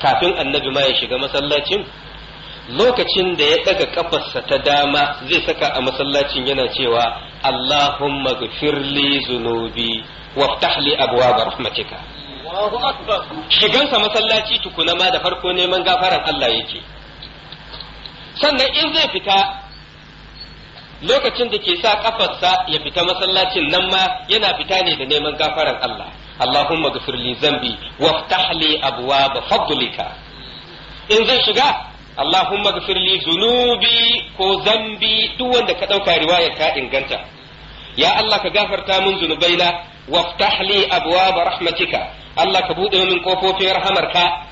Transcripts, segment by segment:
kafin annabi ma ya shiga masallacin lokacin da ya daga kafarsa ta dama zai saka a masallacin yana cewa Allahumma gfirli zunubi waftah li abwaab rahmatika shigansa masallaci tukuna ma da farko neman gafaran Allah yake sannan in zai fita lokacin da ke sa kafarsa ya fita masallacin nan ma yana fita ne da neman gafaran Allah Allahumma ghfir li dhanbi waftah li abwaab fadlika in zan shiga Allahumma ghfir zunubi ko zambi duk wanda ka dauka riwaya ka inganta ya Allah ka gafarta min zunubaina waftah li abwaab rahmatika Allah ka bude min kofofin rahamarka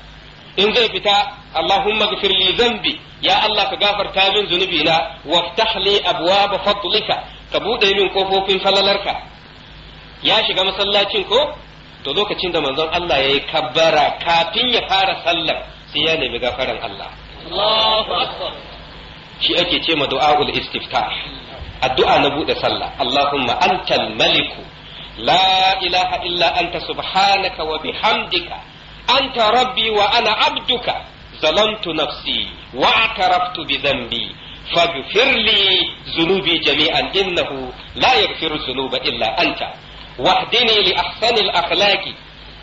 in zai fita Allahumma ghfir li ya Allah ka gafarta min zunubina وافتح لي ابواب فضلك ka bude min kofofin falalarka ya shiga masallacin ko to lokacin da manzon Allah ya yi kabbara kafin ya fara sallar sai ya nemi gafaran Allah shi ake ce ma du'a'ul istifta addu'a na bude sallah Allahumma antal maliku la ilaha illa anta subhanaka wa bihamdika anta rabbi wa ana abduka zalamtu nafsi wa ataraftu bi dhanbi faghfir li jami'an innahu la yaghfiru zunuba illa anta واهدني لأحسن الأخلاق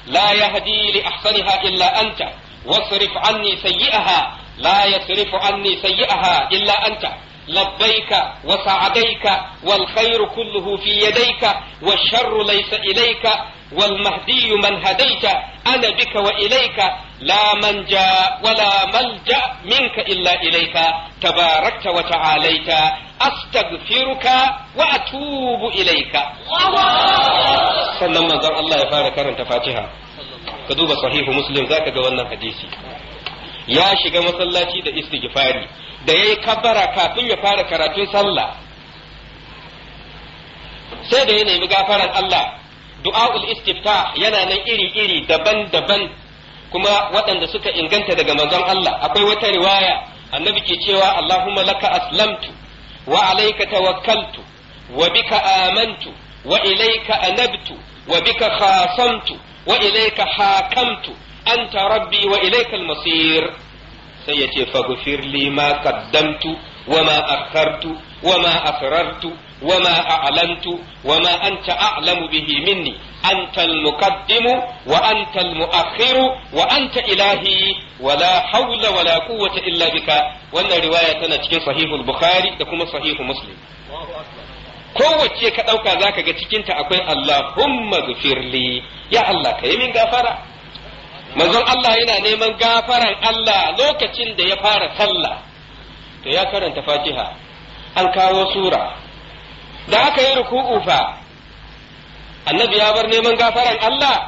لا يهدي لأحسنها إلا أنت واصرف عني سيئها لا يصرف عني سيئها إلا أنت لبيك وسعديك والخير كله في يديك والشر ليس إليك والمهدي من هديت أنا بك وإليك لا جاء ولا ملجأ منك إلا إليك تباركت وتعاليت أستغفرك وأتوب إليك سنة الله يفارك أنت فاتحة كذوب صحيح مسلم ذاك جوانا حديثي ya shiga masallaci da istighfari da yayi kabbara kafin ya fara karatun sallah sai da ya nemi gafaran Allah du'a'ul istiftah yana nan iri-iri daban-daban kuma waɗanda suka inganta daga manzon Allah akwai wata riwaya annabi ke cewa Allahumma laka aslamtu wa alayka tawakkaltu wa bika amantu wa ilayka anabtu wa bika khasamtu wa ilayka hakamtu anta rabbi wa ilaikal masir sai ya ce faghfir li ma qaddamtu wa ma akhartu wa ma asrartu wa ma alamtu wa ma anta a'lamu bihi minni anta al-muqaddimu wa anta al-mu'akhiru wa anta ilahi wa la hawla wa la quwwata illa bika wannan riwaya tana cikin sahihul bukhari da kuma sahihu muslim kowace ka dauka zaka ga cikinta akwai allahumma gfirli ya allah ka yi min gafara manzon Allah yana neman gafaran Allah lokacin da ya fara sallah to ya karanta fatiha an kawo sura da aka yi ruku'u fa annabi ya bar neman gafaran Allah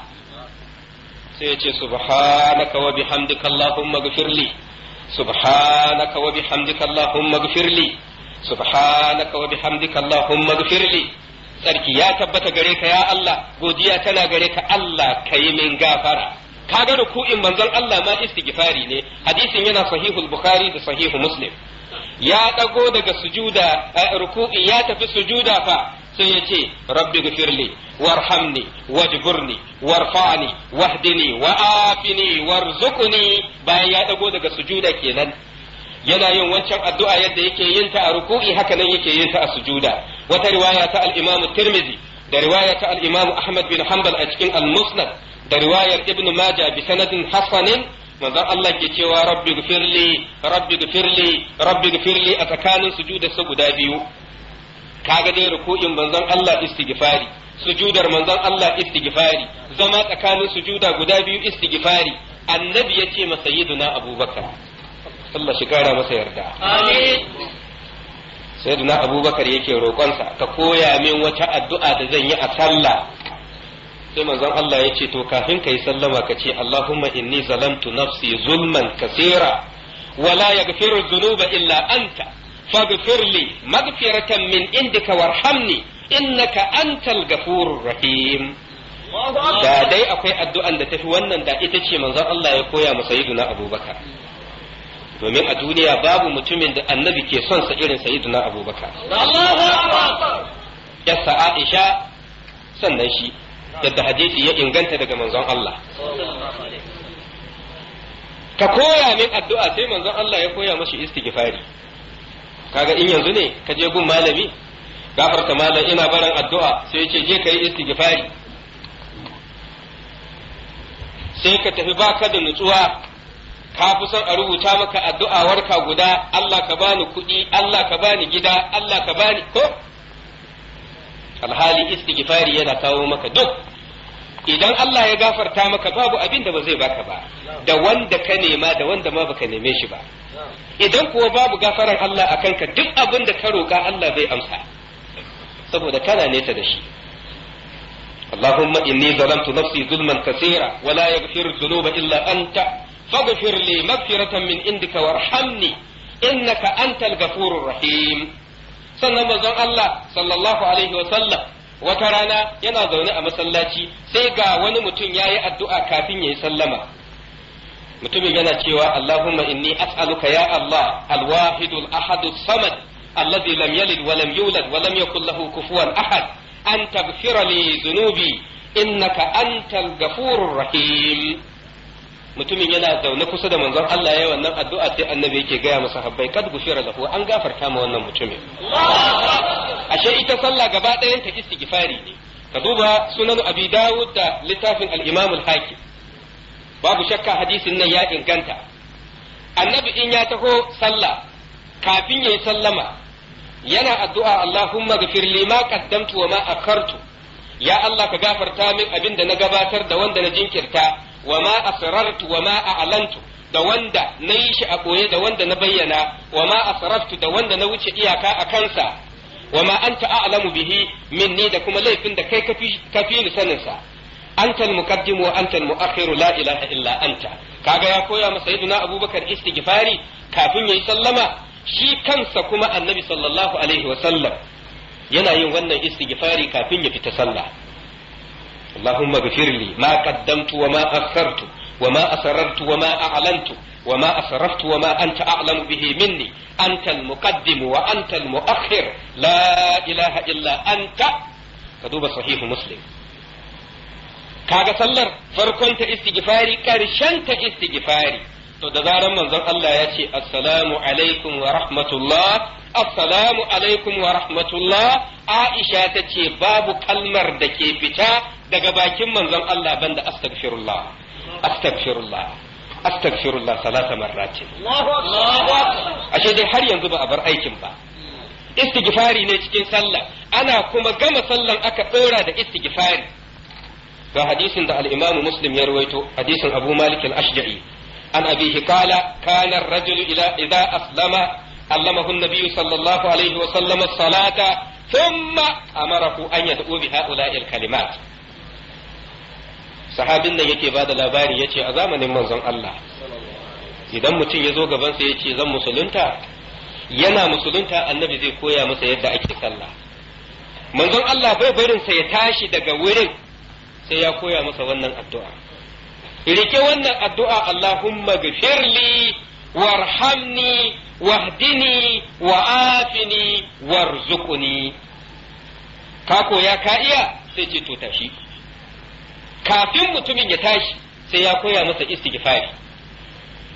sai ya ce subhanaka wa bihamdika allahumma ghfirli subhanaka wa bihamdika allahumma ghfirli subhanaka wa bihamdika allahumma ghfirli sarki ya tabbata gare ka ya Allah godiya tana gare ka Allah kayi min gafara kaga ruku'in manzon Allah ma istighfari ne hadisin yana sahihul bukhari da sahihu muslim ya dago daga sujuda eh, ruku'i ya tafi sujuda fa sai ya ce rabbi gfirli warhamni wajburni warfani wahdini wa'afini warzuqni bayan ya dago daga sujuda kenan yana yin wancan addu'a yadda yake yin ta a ruku'i haka nan yake yin ta a sujuda wata riwaya ta al-Imam Tirmidhi da riwaya ta al Ahmad bin Hanbal a cikin al-Musnad da riwayar ibnu maja bi sanadin hasanin manzon Allah ke cewa rabbi gfirli rabbi gfirli rabbi gfirli a tsakanin sujudar su guda biyu kaga dai ruku'in manzon Allah istighfari sujudar manzon Allah istighfari zama tsakanin sujuda guda biyu istighfari annabi yace ma sayyiduna abubakar Allah shi kara masa yarda amin sayyiduna abubakar yake roƙonsa ka koya min wata addu'a da zan yi a sallah sai manzon Allah ya ce to kafin ka yi sallama ka ce Allahumma inni zalamtu nafsi zulman kasira wala yaghfiru dhunuba illa anta faghfir li maghfiratan min indika warhamni innaka antal ghafurur rahim da dai akwai addu'an da tafi wannan da ita ce manzon Allah ya koya masa sayyiduna Abubakar domin a duniya babu mutumin da annabi ke son sa irin sayyiduna Abubakar Allahu akbar Aisha sannan shi yadda hadisi ya inganta daga manzon Allah ka koya min addu'a sai manzon Allah ya koya mashi istighfari kaga in yanzu ne ka je gun malami gafarta malam ina barin addu'a sai ya ce je ka yi istighfari sai ka tafi baka da nutsuwa ka fi son a rubuta maka addu'a warka guda Allah ka bani kuɗi Allah ka bani gida Allah ka bani ko alhali istighfari yana kawo maka duk idan Allah ya gafarta maka babu abin da ba zai baka ba da wanda ka nema da wanda ma baka neme shi ba idan kuwa babu gafaran Allah akan ka duk abin da ka roƙa Allah zai amsa saboda kana nesa da shi اللهم إني ظلمت نفسي ظلما كثيرا ولا يغفر الذنوب إلا أنت فاغفر لي مغفرة من عندك وارحمني إنك أنت الغفور الرحيم sannan manzon Allah sallallahu alaihi wa sallam wata rana yana zaune a masallaci sai ga wani mutum yayi addu'a kafin ya yi sallama mutumin yana cewa Allahumma inni as'aluka ya Allah alwahidul wahidul ahadus samad alladhi lam yalid wa lam yulad wa lam yakul lahu kufuwan ahad an taghfira li dhunubi innaka antal ghafurur rahim mutumin yana zaune kusa da manzon Allah ya wannan addu'a sai annabi yake gaya masa habbai kad gufira lahu an gafarta ma wannan mutumin ashe ita sallah gaba ɗayan ta istighfari ne ka duba sunan abi dawud da littafin al-imam al-hakim babu shakka hadisin nan ya inganta annabi in ya taho sallah kafin yayi sallama yana addu'a Allahumma ghafir li ma qaddamtu wa ma akhartu ya Allah ka gafarta min abin da na gabatar da wanda na jinkirta wa ma asrartu wa da wanda na yi shi a ɓoye da wanda na bayyana wa ma asraftu da wanda na wuce iyaka a kansa wa ma anta a'lamu bihi minni da kuma laifin da kai kafi ni sanin sa anta al-muqaddimu wa anta al-mu'akhiru la ilaha illa anta kaga ya koya masa sayyidina abubakar istighfari kafin yayi sallama shi kansa kuma annabi sallallahu alaihi wa sallam yana yin wannan istighfari kafin ya fita sallah اللهم اغفر لي ما قدمت وما أخرت وما أسررت وما أعلنت وما أسرفت وما أنت أعلم به مني أنت المقدم وأنت المؤخر لا إله إلا أنت كذوب صحيح مسلم kaga sallar farkon ta istighfari karshen ta istighfari to da zaran manzon Allah ya ce assalamu alaikum wa rahmatullah assalamu alaikum wa rahmatullah aisha ta ce babu kalmar da ke fita daga bakin manzon Allah banda astaghfirullah astaghfirullah astaghfirullah salasa marrati ashe dai har yanzu ba a bar aikin ba istighfari ne cikin sallah ana kuma gama sallan aka ɗora da istighfari ga hadisin da al-imamu muslim ya rawaito hadisin abu malik al-ashja'i an abihi qala kana idza aslama علمه النبي صلى الله عليه وسلم الصلاة ثم أمره أن يدعو بهؤلاء الكلمات sahabin nan yake bada labari ce a zamanin manzon Allah idan mutum ya zo gabansa ya ce zan musulunta yana musulunta annabi zai koya masa yadda ake sallah manzon Allah bai sa ya tashi daga wurin sai ya koya masa wannan addu'a rike wannan addu'a Allahumma gafirli warhamni wahdini wa'afini warzuqni ka koya ka iya sai ce to tashi kafin mutumin ya tashi sai ya koya masa istighfari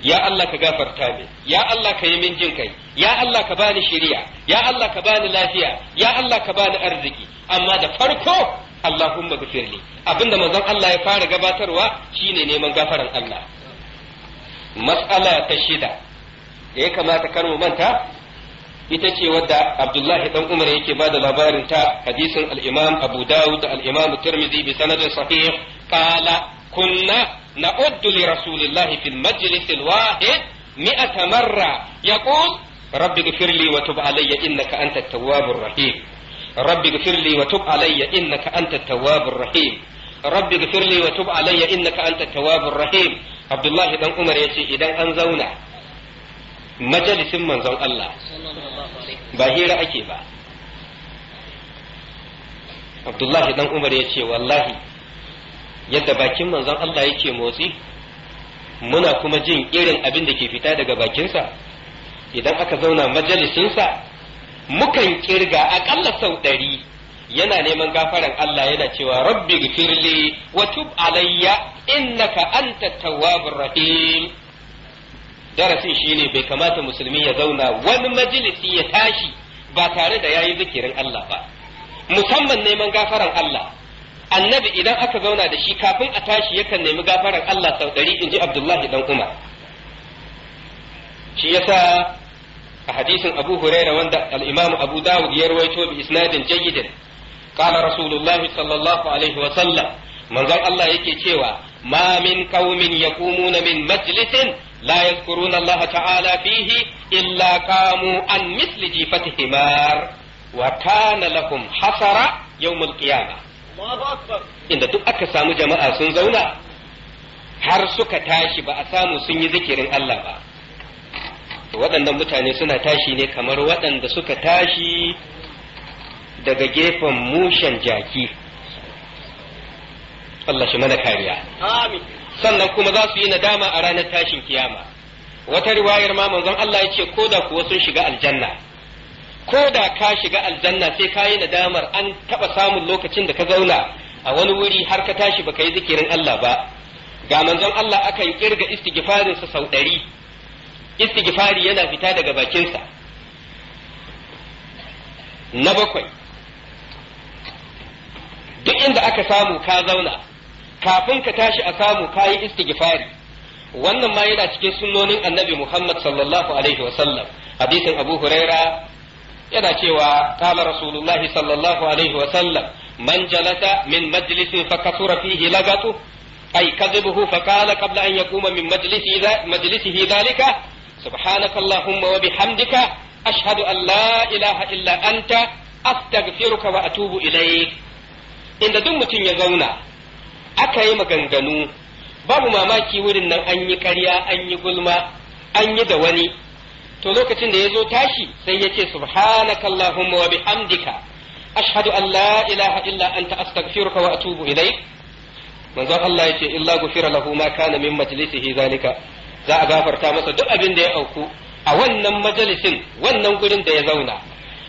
ya Allah ka gafarta min ya Allah ka yi min jin kai ya Allah ka bani shiriya ya Allah ka bani lafiya ya Allah ka bani arziki amma da farko Allahumma gafirli abinda manzon Allah ya fara gabatarwa shine neman gafaran Allah matsala ta shida da ya kamata kar mu manta ita ce wadda Abdullahi dan Umar yake bada labarin ta hadisin al-Imam Abu Dawud al-Imam Tirmidhi bi sanadin sahih qala kunna na'uddu li Rasulillahi fil majlis al-wahid مئة marra yaqul rabbi ighfirli wa tub alayya innaka أنت tawwabur rahim rabbi ighfirli wa tub alayya innaka أنت tawwabur rahim rabbi ighfirli wa tub alayya innaka أنت tawwabur rahim abdullahi dan umar ya ce idan an zauna majalisin manzon Allah ba hira ake ba abdullahi dan umar ya ce wallahi yadda bakin manzon Allah yake motsi muna kuma jin irin abin da ke fita daga bakinsa idan aka zauna majalisinsa mukan kirga aƙalla sau ɗari yana neman gafaran Allah yana cewa rabbi gfirli wa tub alayya innaka anta tawwabur rahim darasin shine bai kamata musulmi ya zauna wani majalisi ya tashi ba tare da yayi zikirin Allah ba musamman neman gafaran Allah annabi idan aka zauna da shi kafin a tashi yakan nemi gafaran Allah sau ɗari inji Abdullahi dan Umar shi yasa a hadisin Abu huraira wanda al-Imam Abu Dawud ya rawaito bi isnadin jayyidin qala rasulullahi sallallahu alaihi wa sallam manzon Allah yake cewa mamin min qaumin na min majlisin la yadhkuruna Allah ta'ala fihi illa kamu an misli jifati himar wa kana lahum hasara yawmul qiyamah inda duk aka samu jama'a sun zauna har suka tashi ba a samu sun yi zikirin Allah ba waɗannan mutane suna tashi ne kamar waɗanda suka tashi daga gefen mushen jaki Allah shi mana kariya sannan kuma za su yi nadama a ranar tashin kiyama wata riwayar ma manzon Allah ya ce ko da kuwa sun shiga aljanna ko da ka shiga aljanna sai ka yi nadamar an taɓa samun lokacin da ka zauna a wani wuri har ka tashi baka yi zikirin Allah ba ga manzon Allah akan kirga sa sau ɗari istighfari yana fita daga bakinsa na bakwai duk inda aka samu ka zauna kafin ka tashi a samu ka yi istighfari wannan ma yana cikin sunnonin annabi Muhammad sallallahu alaihi wasallam hadisin Abu Huraira yana cewa kala rasulullahi sallallahu alaihi wasallam man jalasa min majlisin fa kasura fihi lagatu ay kadhibuhu fa qala qabla an yaquma min majlisi majlisihi dhalika subhanaka allahumma wa bihamdika ashhadu an la ilaha illa anta astaghfiruka wa inda duk mutum ya zauna aka yi maganganu babu mamaki wurin nan an yi ƙarya an yi gulma an yi da wani to lokacin da ya zo tashi sai ya ce subhanakallahumma wa bihamdika ashhadu an la ilaha illa anta astaghfiruka wa atubu ilaik manzon Allah ya ce illa gufira lahu ma kana min majlisihi zalika za a gafarta masa duk abin da ya auku a wannan majalisin wannan gurin da ya zauna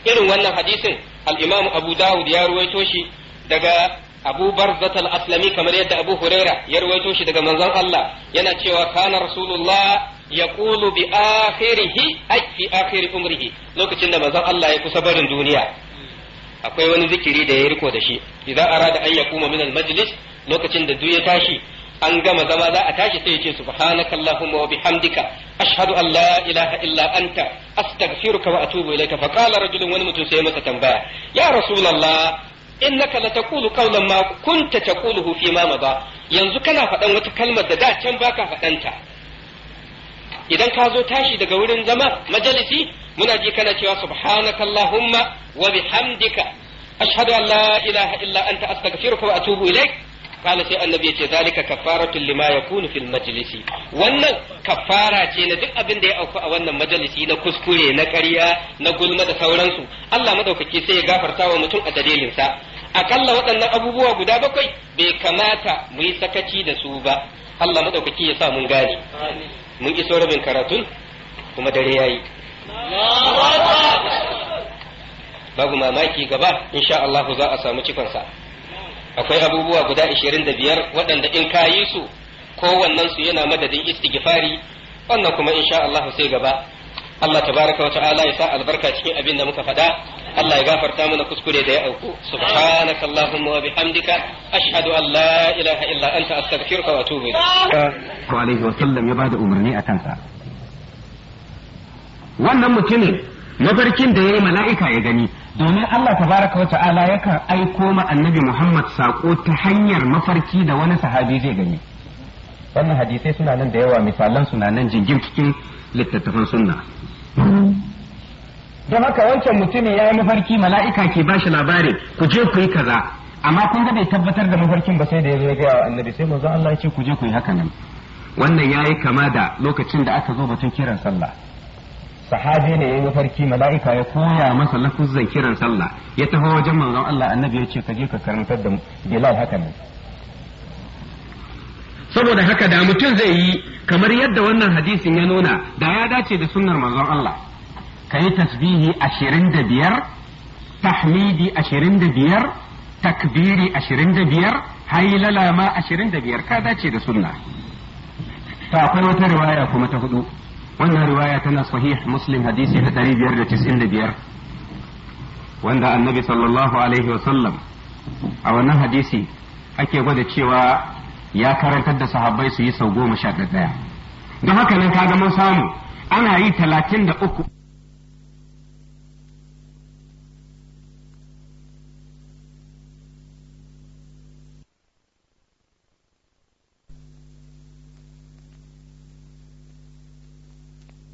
irin wannan hadisin al-Imam Abu Dawud ya ruwaito shi daga Abu Barzat al-Aslami kamar yadda Abu Huraira ya rawaito shi daga manzon Allah yana cewa kana Rasulullah yaqulu bi akhirihi ay fi akhiri umrihi lokacin da manzon Allah ya kusa barin duniya akwai wani zikiri da ya riko da shi idan arada an yakuma min al-majlis lokacin da duk ya tashi an gama zama za a tashi sai ya ce subhanaka allahumma wa bihamdika ashhadu an la ilaha illa anta astaghfiruka wa atubu ilayka fa qala rajulun wani mutum sai masa tambaya ya rasulullah innaka lataqulu qawlan ma kunta taquluhu fi ma ba yanzu kana faɗan wata kalmar da da can baka faɗanta idan ka zo tashi daga wurin zama majalisi muna ji kana cewa subhanakallahumma wa bihamdika ashhadu an la ilaha illa anta astaghfiruka wa atubu ilaik kala sai annabi ya ce zalika kafaratun lima yakunu fil majlisi wannan kafara ce na duk abin da ya auku a wannan majalisi na kuskure na ƙarya na gulma da sauransu Allah madaukaki sai ya gafarta wa mutum a dalilin sa akalla waɗannan abubuwa guda bakwai bai kamata mu yi sakaci da su ba Allah madaukaki ya sa mun gane mun iso rabin karatun kuma dare yayi babu mamaki gaba insha Allah za a samu cikonsa akwai abubuwa guda 25 waɗanda in ka yi su kowannen su yana madadin istighfari wannan kuma insha Allah sai gaba Allah tabaraka wata'ala ya sa albarka cikin abin da muka faɗa Allah ya gafarta mana kuskure da ya auku subhanaka allahumma wa bihamdika ashhadu an la ilaha illa anta astaghfiruka wa atubu ilayk wa alaihi wa sallam ya bada umarni a kansa wannan mutumin barkin da yayi mala'ika ya gani domin Allah tabaraka wa ta'ala yakan aiko ma annabi Muhammad sako ta hanyar mafarki da wani sahabi zai gani wannan hadisai suna nan da yawa misalan suna nan jingin cikin littattafan sunna don haka wancan mutumin ya yi mafarki mala'ika ke bashi labari ku je ku yi kaza amma kun ga bai tabbatar da mafarkin ba sai da ya zo ya gaya wa annabi sai manzo Allah ya ce ku je ku yi haka nan wannan yayi kama da lokacin da aka zo batun kiran sallah sahabi ne ya yi mafarki mala'ika ya koya masa lafuzzan kiran sallah ya taho wajen manzon Allah annabi ya ce ka je ka karantar da Bilal haka nan saboda haka da mutum zai yi kamar yadda wannan hadisin ya nuna da ya dace da sunnar manzon Allah ka tasbihi ashirin da biyar tahmidi ashirin da biyar takbiri ashirin da biyar hailala ma ashirin da biyar ka dace da sunna ta akwai wata riwaya kuma ta hudu wannan riwaya tana sahih muslim hadisi na ɗari biyar da tisin da biyar wanda annabi sallallahu alaihi wa sallam a wannan hadisi ake gwada cewa ya karantar da sahabbai su yi sau goma sha ɗaya don haka nan kaga mun samu ana yi talatin da uku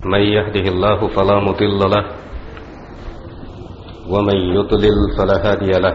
من يهده الله فلا مضل له ومن يضلل فلا هادي له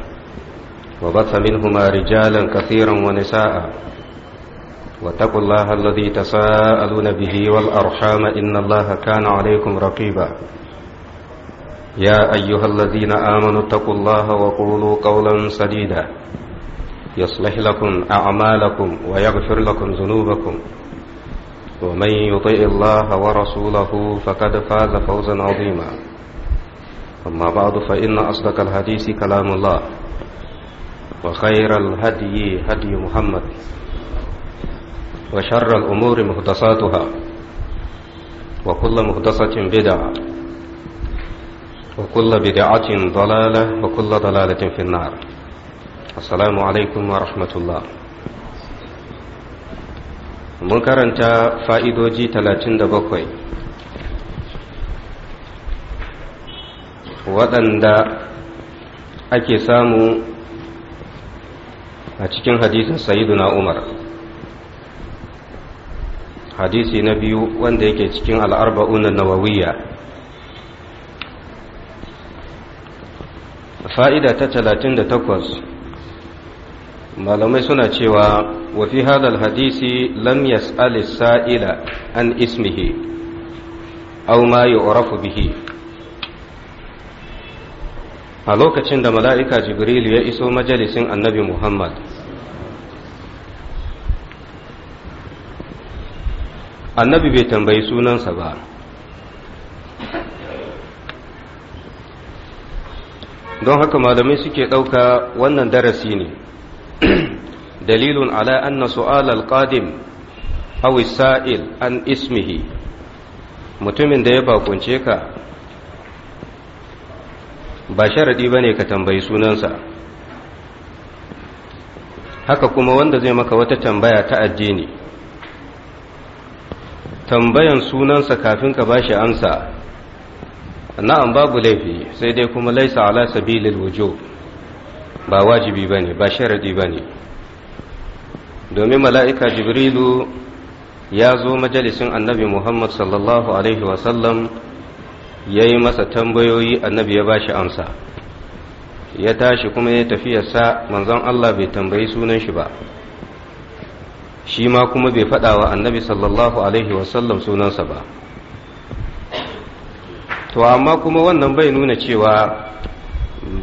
وبث منهما رجالا كثيرا ونساء واتقوا الله الذي تساءلون به والأرحام إن الله كان عليكم رقيبا يا أيها الذين آمنوا اتقوا الله وقولوا قولا سديدا يصلح لكم أعمالكم ويغفر لكم ذنوبكم ومن يطيء الله ورسوله فقد فاز فوزا عظيما أما بعد فإن أصدق الحديث كلام الله وخير الهدي هدي محمد وشر الأمور مهدساتها وكل مهدسة بدعة وكل بدعة ضلالة وكل ضلالة في النار السلام عليكم ورحمة الله مكر أنت fa'idoji talatin da bakwai waɗanda ake a cikin hadisin na umar hadisi na biyu wanda yake cikin al'arba'un nawawiya fa'ida ta talatin da takwas malamai suna cewa wafi halar hadisi lam yas'ali sa'ila an ismihi aw ma yu'rafu bihi a lokacin da mala'ika jibrilu ya iso majalisin annabi muhammad annabi bai tambayi sunansa ba don haka malamai suke ɗauka wannan darasi ne dalilun ala anna su'al al-qadim aw sa'il an ismihi mutumin da ya bakunce ka ba sharaɗi ba ne ka tambayi sunansa haka kuma wanda zai maka wata tambaya ta addini tambayan sunansa kafin ka bashi amsa na'am babu laifi sai dai kuma laisa ala sabilil wujub ba wajibi ba ba sharaɗi ba ne domin mala'ika jibrilu ya zo majalisin annabi muhammad sallallahu alaihi wasallam ya yi masa tambayoyi annabi ya ba shi amsa ya tashi kuma ya tafi tafiyarsa manzon Allah bai tambayi sunan shi ba shi ma kuma bai faɗawa annabi sallallahu alaihi wasallam sunansa ba to amma kuma wannan bai nuna cewa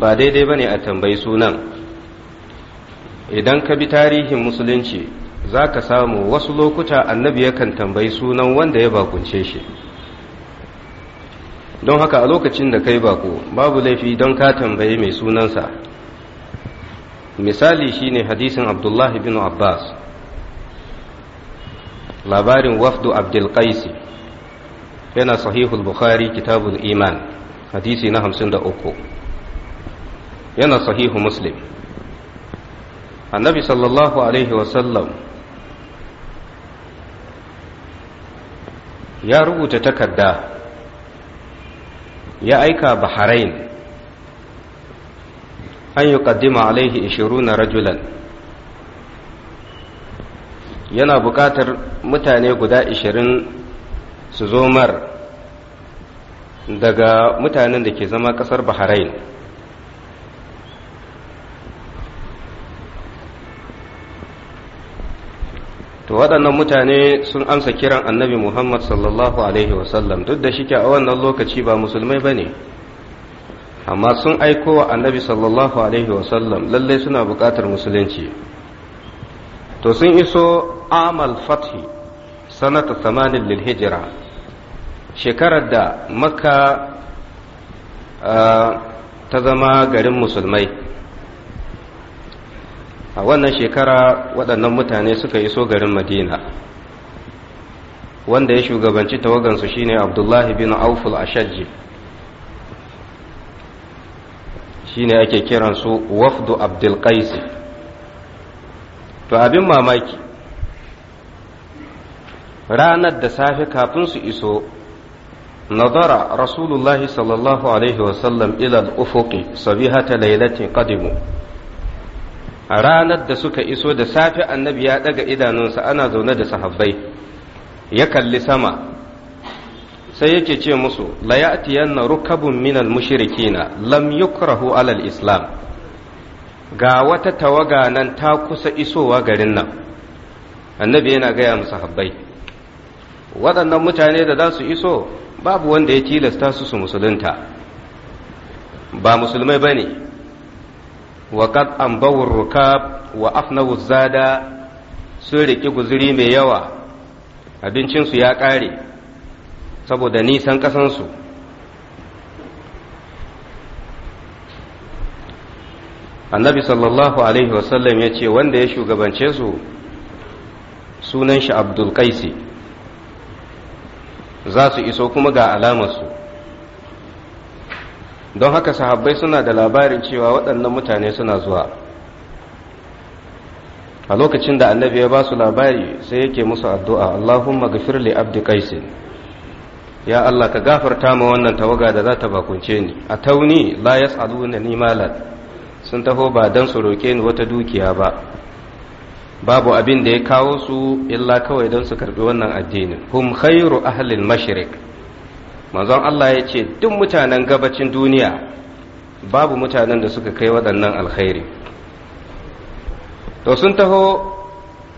ba daidai ba ne a tambayi sunan idan ka bi tarihin musulunci za ka samu wasu lokuta annabi yakan tambayi sunan wanda ya bakunce shi don haka a lokacin da kai bako babu laifi don ka tambaye mai sunansa misali shine hadisin abdullah bin abbas labarin wafdu abdulkaisi yana sahihul bukhari kitabul iman hadisi na hamsin da uku yana sahihu muslim annabi sallallahu alaihi wasallam ya rubuta takarda ya aika bahrain an yi kaddima alaihi na rajulan yana buƙatar mutane guda ishirin su zo daga mutanen da ke zama ƙasar bahrain to waɗannan mutane sun amsa kiran annabi muhammad sallallahu alaihi wasallam duk da shike a wannan lokaci ba musulmai ba ne amma sun aiko wa annabi sallallahu alaihi wasallam lallai suna buƙatar musulunci to sun iso amal fathi sanata samanin lil hijira shekarar da makka ah, ta zama garin musulmai a wannan shekara waɗannan mutane suka iso garin madina wanda ya shugabanci tawagansu shine abdullahi bin auful ashajji shine ake kiransu wafdu abdulkaisi to abin mamaki ranar da safe kafin su iso nazara rasulullahi sallallahu alaihi wasallam ilal ufuqi Kadimu. lailatin qadimu a ranar da suka iso da safe annabi ya daga idanunsa ana zaune da sahabbai ya kalli sama sai yake ce musu la ya'tiyanna rukabun minal mushrikina lam yukrahu alal islam ga wata tawaga nan ta kusa isowa garin nan annabi yana gaya musu sahabbai. waɗannan mutane da za su iso babu wanda ya tilasta su su musulunta ba musulmai ba ne وقد أنبوا الركاب وأفنوا الزاد سورك guzuri mai yawa abincinsu ya ƙare saboda nisan ƙasansu annabi sallallahu alaihi wasallam ya ce wanda ya shugabance su sunan shi abdulkaisi za su iso kuma ga alamarsu don haka sahabbai suna da labarin cewa waɗannan mutane suna zuwa a lokacin da annabi ya ba su labari sai yake musu addu'a Allahumma gafir li abdi qaisin ya Allah ka gafarta ma wannan tawaga da za ta bakunce ni a tauni la yas'aluna ni malan sun taho ba don su roke ni wata dukiya ba babu abin da ya kawo su illa kawai don su karɓi wannan addinin hum khairu ahlil mashriq manzon Allah ya ce duk mutanen gabacin duniya babu mutanen da suka kai waɗannan alkhairi to sun taho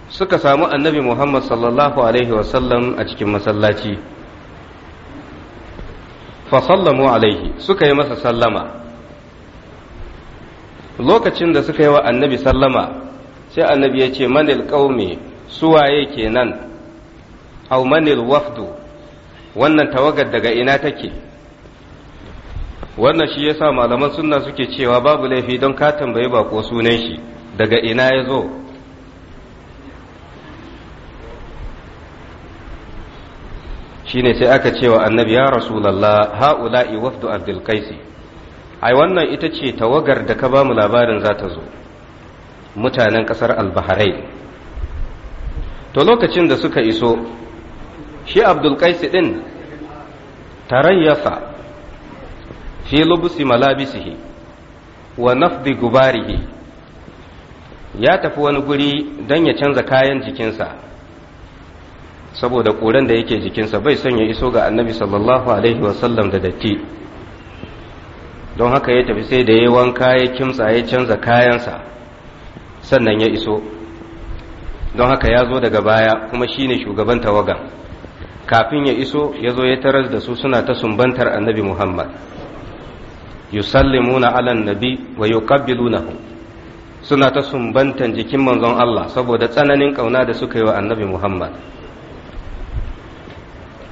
suka samu annabi muhammad sallallahu alaihi wasallam a cikin masallaci fasallamu alaihi suka yi masa sallama lokacin da suka yi wa annabi sallama sai annabi ya ce manil ƙaume suwaye kenan au manil wafdu wannan tawagar daga ina take wannan shi yasa malaman sunna suke cewa babu laifi don ka tambayi bako sunan shi daga ina ya zo shine sai aka cewa annabi ya rasulallah ha'ula'i wafdu abdul ai wannan ita ce tawagar da ka bamu labarin za ta zo mutanen ƙasar albaharai to lokacin da suka iso shi abdul qais din tarayyasa fi lubusi malabisihi wa nafdi gubarihi ya tafi wani guri don ya canza kayan jikinsa saboda ƙuran da yake jikinsa bai son ya iso ga annabi sallallahu alaihi wasallam da datti don haka ya tafi sai da ya wanka ya kimtsa ya canza kayansa sannan ya iso don haka ya zo daga baya kuma shine shugaban tawagan kafin ya iso ya zo ya taras da su suna ta sumbantar annabi muhammad yusallimuna ala nabi wa yuqabbilunahu suna ta sumbantan jikin manzon Allah saboda tsananin kauna da suka yi wa annabi muhammad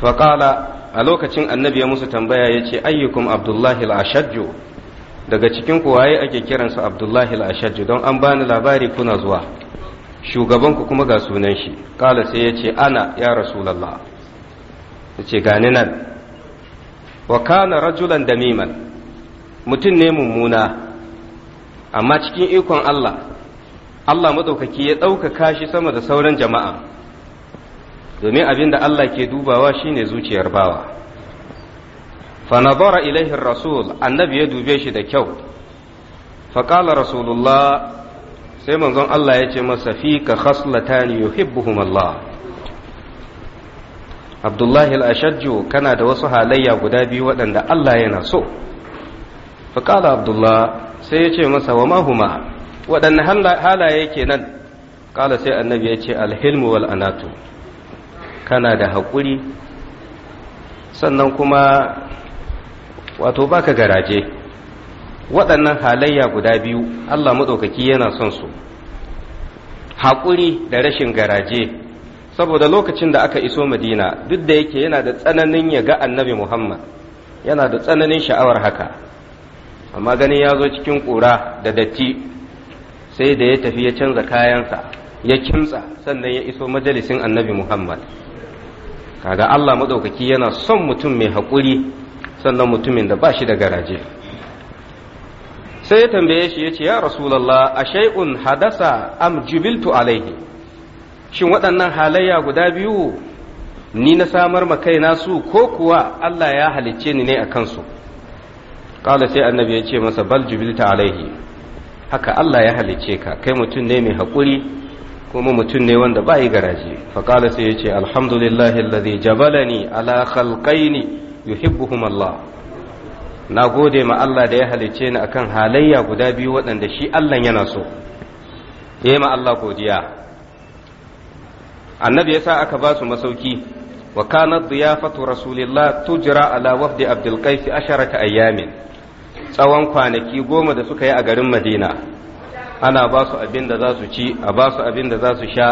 faƙala a lokacin annabi ya musu tambaya ya ce ayyukum abdullahi al-ashajju daga cikin waye ake kiransa abdullahi al-ashajju don an bani labari kuna zuwa shugabanku kuma ga sunan shi ƙala sai yace ana ya rasulallah Da ce gani nan wa kana rajulan damiman mutum ne mummuna amma cikin ikon Allah Allah maɗaukaki ya ɗaukaka shi sama da sauran jama'a domin abin da Allah ke dubawa shine zuciyar bawa fanazara ilaihin rasul annabi ya dube shi da kyau faƙala rasulullah sai manzon Allah ya ce masa fi ka khaslatani yuhibbuhum Allah abdullahi al-ashajju kana da wasu halayya guda biyu waɗanda Allah yana so faƙala abdullah sai ya ce masa wa mahuma waɗanne halaye nan ƙala sai annabi ya ce alhilmu wal anatu kana da haƙuri sannan kuma wato baka garaje waɗannan halayya guda biyu Allah maɗaukaki yana son su haƙuri da rashin garaje saboda lokacin da aka iso madina duk da yake yana da tsananin ya ga annabi muhammad yana da tsananin sha'awar haka amma ganin ya zo cikin ƙura da datti sai da ya tafi ya canza kayansa ya kimsa sannan ya iso majalisin annabi muhammad kaga allah maɗaukaki yana son mutum mai haƙuri sannan mutumin da ba shi da garaje sai ya tambaye shi ya ce ya rasulallah a shay'un hadasa am jubiltu alaihi shin waɗannan halayya guda biyu ni na samar ma kaina su ko kuwa Allah ya halicce ni ne a kansu ƙala sai annabi ya ce masa bal jubilta alaihi haka Allah ya halicce ka kai mutum ne mai haƙuri kuma mutum ne wanda ba yi garaje faƙala sai ya ce alhamdulillahi alladhi jabalani ala khalqaini yuhibbuhum Allah na gode ma Allah da ya halicce ni akan halayya guda biyu waɗanda shi Allah yana so ya ma Allah godiya annabi yasa aka ba su masauki wa kanat diyafatu rasulillah tujra ala wafdi abdul qais asharata ayamin tsawon kwanaki goma da suka yi a garin madina ana ba su abin da za su ci a ba su abin da za su sha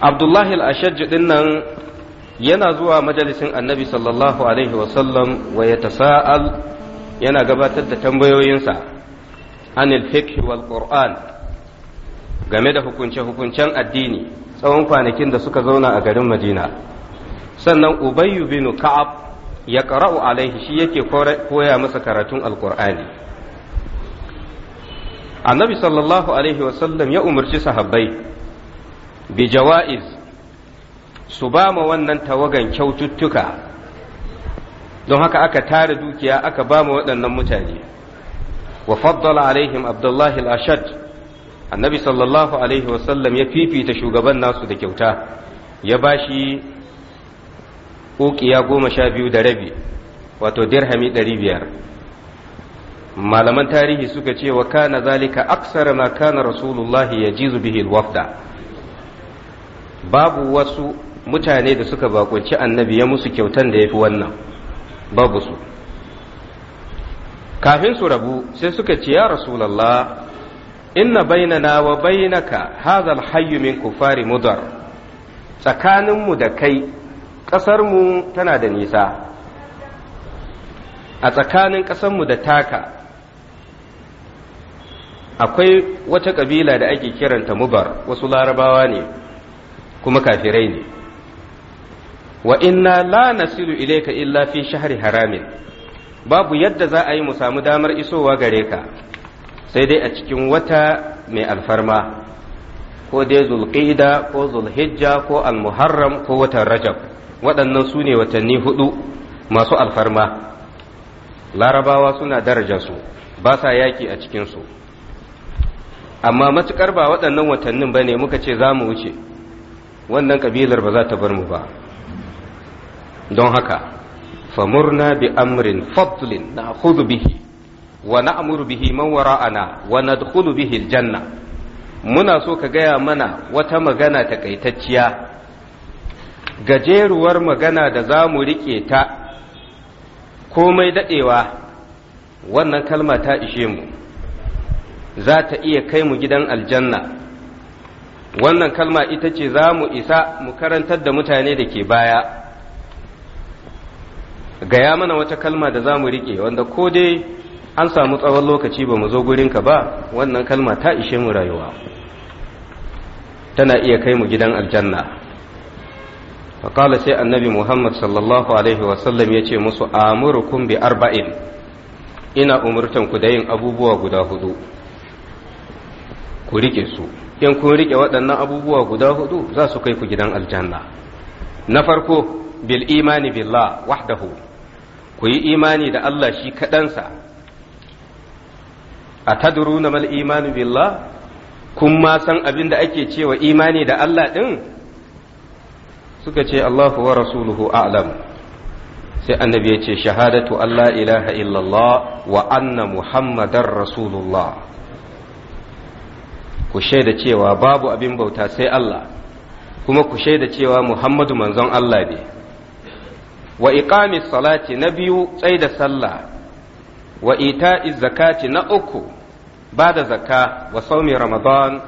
abdullahi al-ashajj din yana zuwa majalisin annabi sallallahu alaihi sallam wa ya yana gabatar da tambayoyinsa anil fiqh wal qur'an game da hukunce-hukuncen addini tsawon kwanakin da suka zauna a garin madina sannan ubayyu bin ka'ab ya ƙara'u alaihi shi yake koya masa karatun alkur'ani annabi sallallahu alaihi wasallam ya umarci sahabbai bi jawa'iz su ba ma wannan tawagan kyaututtuka don haka aka tara dukiya aka ba ma waɗannan mutane wa faddala alaihim abdullahi al-ashad annabi sallallahu alaihi wasallam ya fifita shugaban nasu da kyauta ya ba shi ƙoƙiya goma sha biyu da rabi wato dirhami ɗari biyar malaman tarihi suka ce wa kana zalika aksara ma kana rasulullahi ya jizu bihi wafda babu wasu mutane da suka bakunci annabi ya musu kyautan da ya fi wannan babu su kafin su rabu sai suka ce ya rasulallah In inna bainana na bainaka hadha alhayyu min kufari mudar tsakaninmu da kai ƙasarmu tana da nisa a tsakanin ƙasarmu da taka akwai wata ƙabila da ake kiranta mubar wasu larabawa ne kuma kafirai ne wa inna la nasilu ilaika illa fi shahri haramin babu yadda za a yi mu samu damar isowa gare ka sai dai a cikin wata mai alfarma ko dai zulqida ko zulhijja ko almuharram ko watan rajab waɗannan su ne watanni hudu masu alfarma larabawa suna darajarsu ba sa yaki a cikinsu amma matuƙar ba waɗannan watannin ba ne muka ce za mu wuce wannan ƙabilar ba za ta bar mu ba don haka famurna bi amrin fadlin na bihi wa na'muru bihi man wara'ana wa nadkhulu bihi aljanna muna so ka gaya mana wata magana takaitacciya gajeruwar magana da za mu rike ta komai daɗewa wannan kalma ta ishe mu za ta iya kai mu gidan aljanna wannan kalma ita ce za mu isa mu karantar da mutane da ke baya gaya mana wata kalma da za mu riƙe wanda ko dai an samu tsawon lokaci ba mu zo ka ba wannan kalma ta ishe mu rayuwa tana iya kai mu gidan aljanna faƙala sai annabi muhammad sallallahu alaihi wasallam ya ce musu amurukum bi arba'in ina umurtan ku da yin abubuwa guda hudu ku rike su in kun rike waɗannan abubuwa guda hudu za su kai ku gidan aljanna na farko bil imani billah wahdahu ku yi imani da allah shi kaɗansa a taduru na mal imanu billah kun ma san abin da ake cewa imani da Allah ɗin suka ce Allahu wa rasuluhu a'lam sai annabi ya ce shahadatu Allah ilaha illallah wa anna muhammadar rasulullah ku shaida cewa babu abin bauta sai Allah kuma ku shaida cewa muhammadu manzon Allah ne wa iqamis salati na biyu tsaida sallah wa ita'iz zakati na uku ba da zakka wa saumi ramadan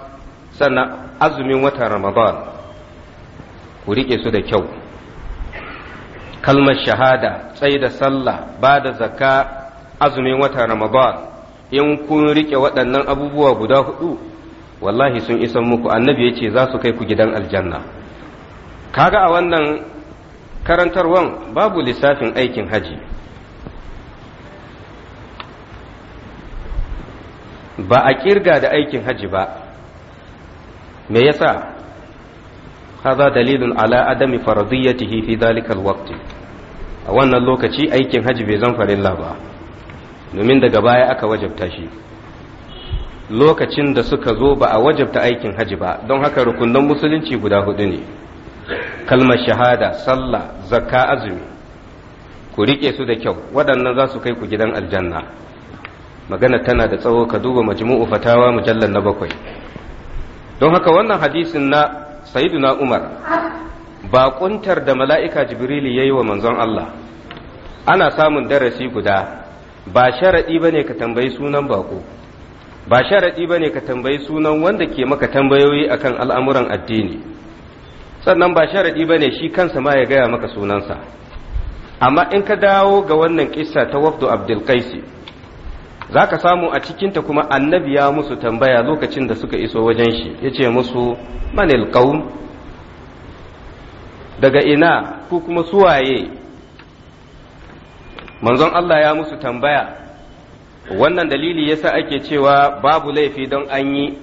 sannan azumin watan ramadan ku riƙe su da kyau kalmar shahada tsaye da sallah ba da zakka azumin watan ramadan in kun riƙe waɗannan abubuwa guda hudu wallahi sun isan muku annabi ya ce za su kai ku gidan aljanna kaga a wannan karantarwan babu lissafin aikin haji ba a kirga da aikin hajji ba me yasa haza dalilin ala adami faradiyatihi fi zalikal waqti a wannan lokaci aikin hajji bai zan farilla ba domin daga baya aka wajabta shi lokacin da suka zo ba a wajabta aikin hajji ba don haka rukunan musulunci guda hudu ne kalmar shahada sallah zakka azumi ku rike su da kyau waɗannan za su kai ku gidan aljanna magana tana da tsawo ka duba majmu'u fatawa mujallal na bakwai don haka wannan hadisin na sayyiduna umar baƙuntar da mala'ika jibrili ya yi wa manzon Allah ana samun darasi guda ba sharadi bane ka tambayi sunan baƙo ba sharadi bane ka tambayi sunan wanda ke maka tambayoyi akan al'amuran addini sannan ba sharaɗi bane shi kansa ma ya gaya maka sunansa amma in ka dawo ga wannan kissa ta wafdu abdulkaisi za ka samu a cikinta kuma annabi ya musu tambaya lokacin da suka iso wajen shi ya ce musu manil qaum daga ina ko kuma suwaye manzon Allah ya musu tambaya wannan dalili yasa ake cewa babu laifi don an yi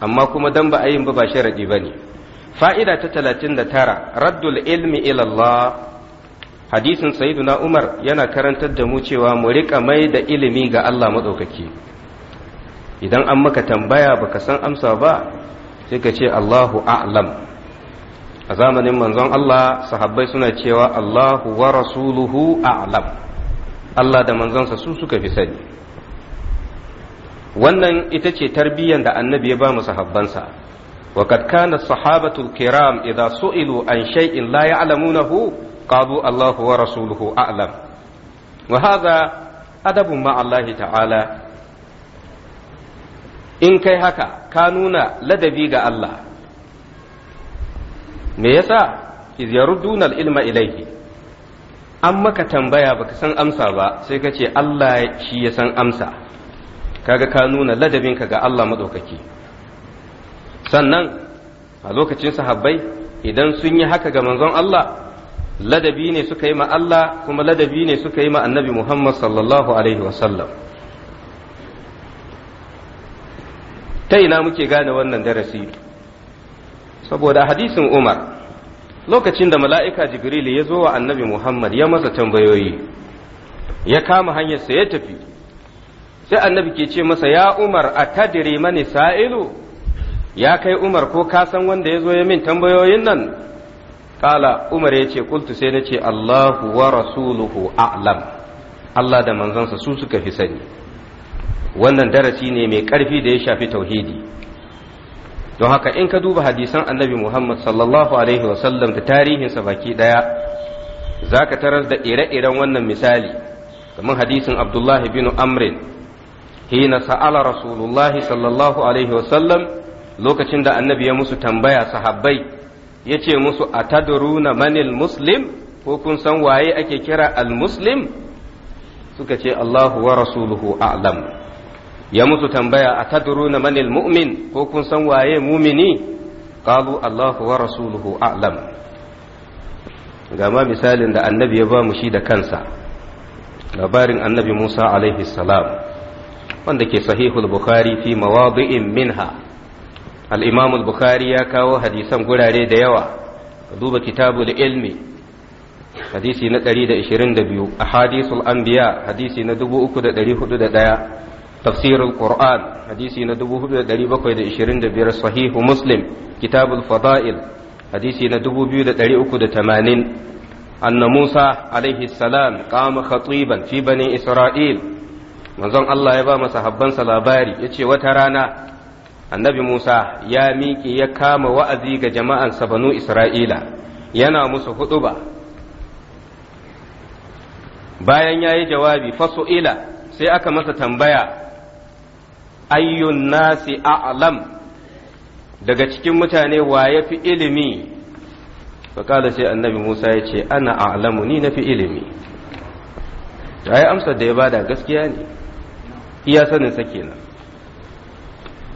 amma kuma don ba a yin ba ba sharaɗi ba ne fa'ida ta talatin da tara raddul ilmi ilallah hadisin sayyiduna umar yana karantar da mu cewa mu riƙa mai da ilimi ga allah maɗaukaki idan an maka tambaya baka san amsa ba sai ka ce allahu a'lam a zamanin manzon Allah sahabbai suna cewa Allahu wa rasuluhu a'lam Allah da manzonsa su suka fi sani wannan ita ce tarbiyyar da annabi ya ba mu sahabbansa wa kad kana sahabatul kiram idza su'ilu an shay'in la ya'lamunahu قالوا الله ورسوله أعلم وهذا أدب مع الله ta'ala. in kai haka ka nuna ladabi ga Allah me yasa iz yarudduna al-ilma ilayhi an maka tambaya baka san amsa ba sai ka ce Allah shi ya san amsa kaga ka nuna ladabinka ga Allah maɗaukaki sannan a lokacin sahabbai idan sun yi haka ga manzon Allah ladabi ne suka yi ma Allah kuma ladabi ne suka yi ma annabi Muhammad sallallahu alaihi wasallam ta ina muke gane wannan darasi saboda hadisin Umar lokacin da mala'ika Jibril ya zo wa annabi Muhammad ya masa tambayoyi ya kama hanyarsa ya tafi sai annabi ke ce masa ya Umar a tadiri mani sa'ilu ya kai Umar ko ka san wanda ya zo ya min tambayoyin nan kala umar ya ce kultu sai na ce allahu wa rasuluhu a'lam allah da manzansa su suka fi sani wannan darasi ne mai ƙarfi da ya shafi tauhidi don haka in ka duba hadisan annabi muhammad sallallahu alaihi wasallam da tarihinsa baki ɗaya za ka tarar da ire-iren wannan misali kamar hadisin abdullahi bin amrin hina sa'ala rasulullahi sallallahu alaihi wasallam lokacin da annabi ya musu tambaya sahabbai ya ce musu a tadruna manil muslim ko kun san waye ake kira al-muslim suka ce Allahu wa rasuluhu a'lam ya musu tambaya a tadruna manil mu'min ko kun san waye mumini qalu Allahu wa rasuluhu a'lam gama misalin da annabi ya ba mu shi da kansa labarin annabi Musa alaihi salam wanda ke sahihul bukhari fi mawadi'in minha al-imam bukhari ya kawo hadisan gurare da yawa duba kitabul ilmi hadisi na 122 ahadisul anbiya hadisi na 3401 tafsirul qur'an hadisi na 4725 sahihu muslim kitabul fada'il hadisi na 2380 anna musa alaihi salam qama khatiban fi bani isra'il manzon Allah ya ba sahabbansa labari ce wata rana annabi Musa ya miƙe ya kama wa'azi ga sa sabanu Isra'ila yana musu huɗuba. bayan ya yi jawabi ila sai aka masa tambaya ayyun nasi a'lam daga cikin mutane wa ya fi ilimi faƙala sai annabi Musa ya ce ana a'lamu ni na fi ilimi ta yi amsar da ya bada gaskiya ne iya saninsa kenan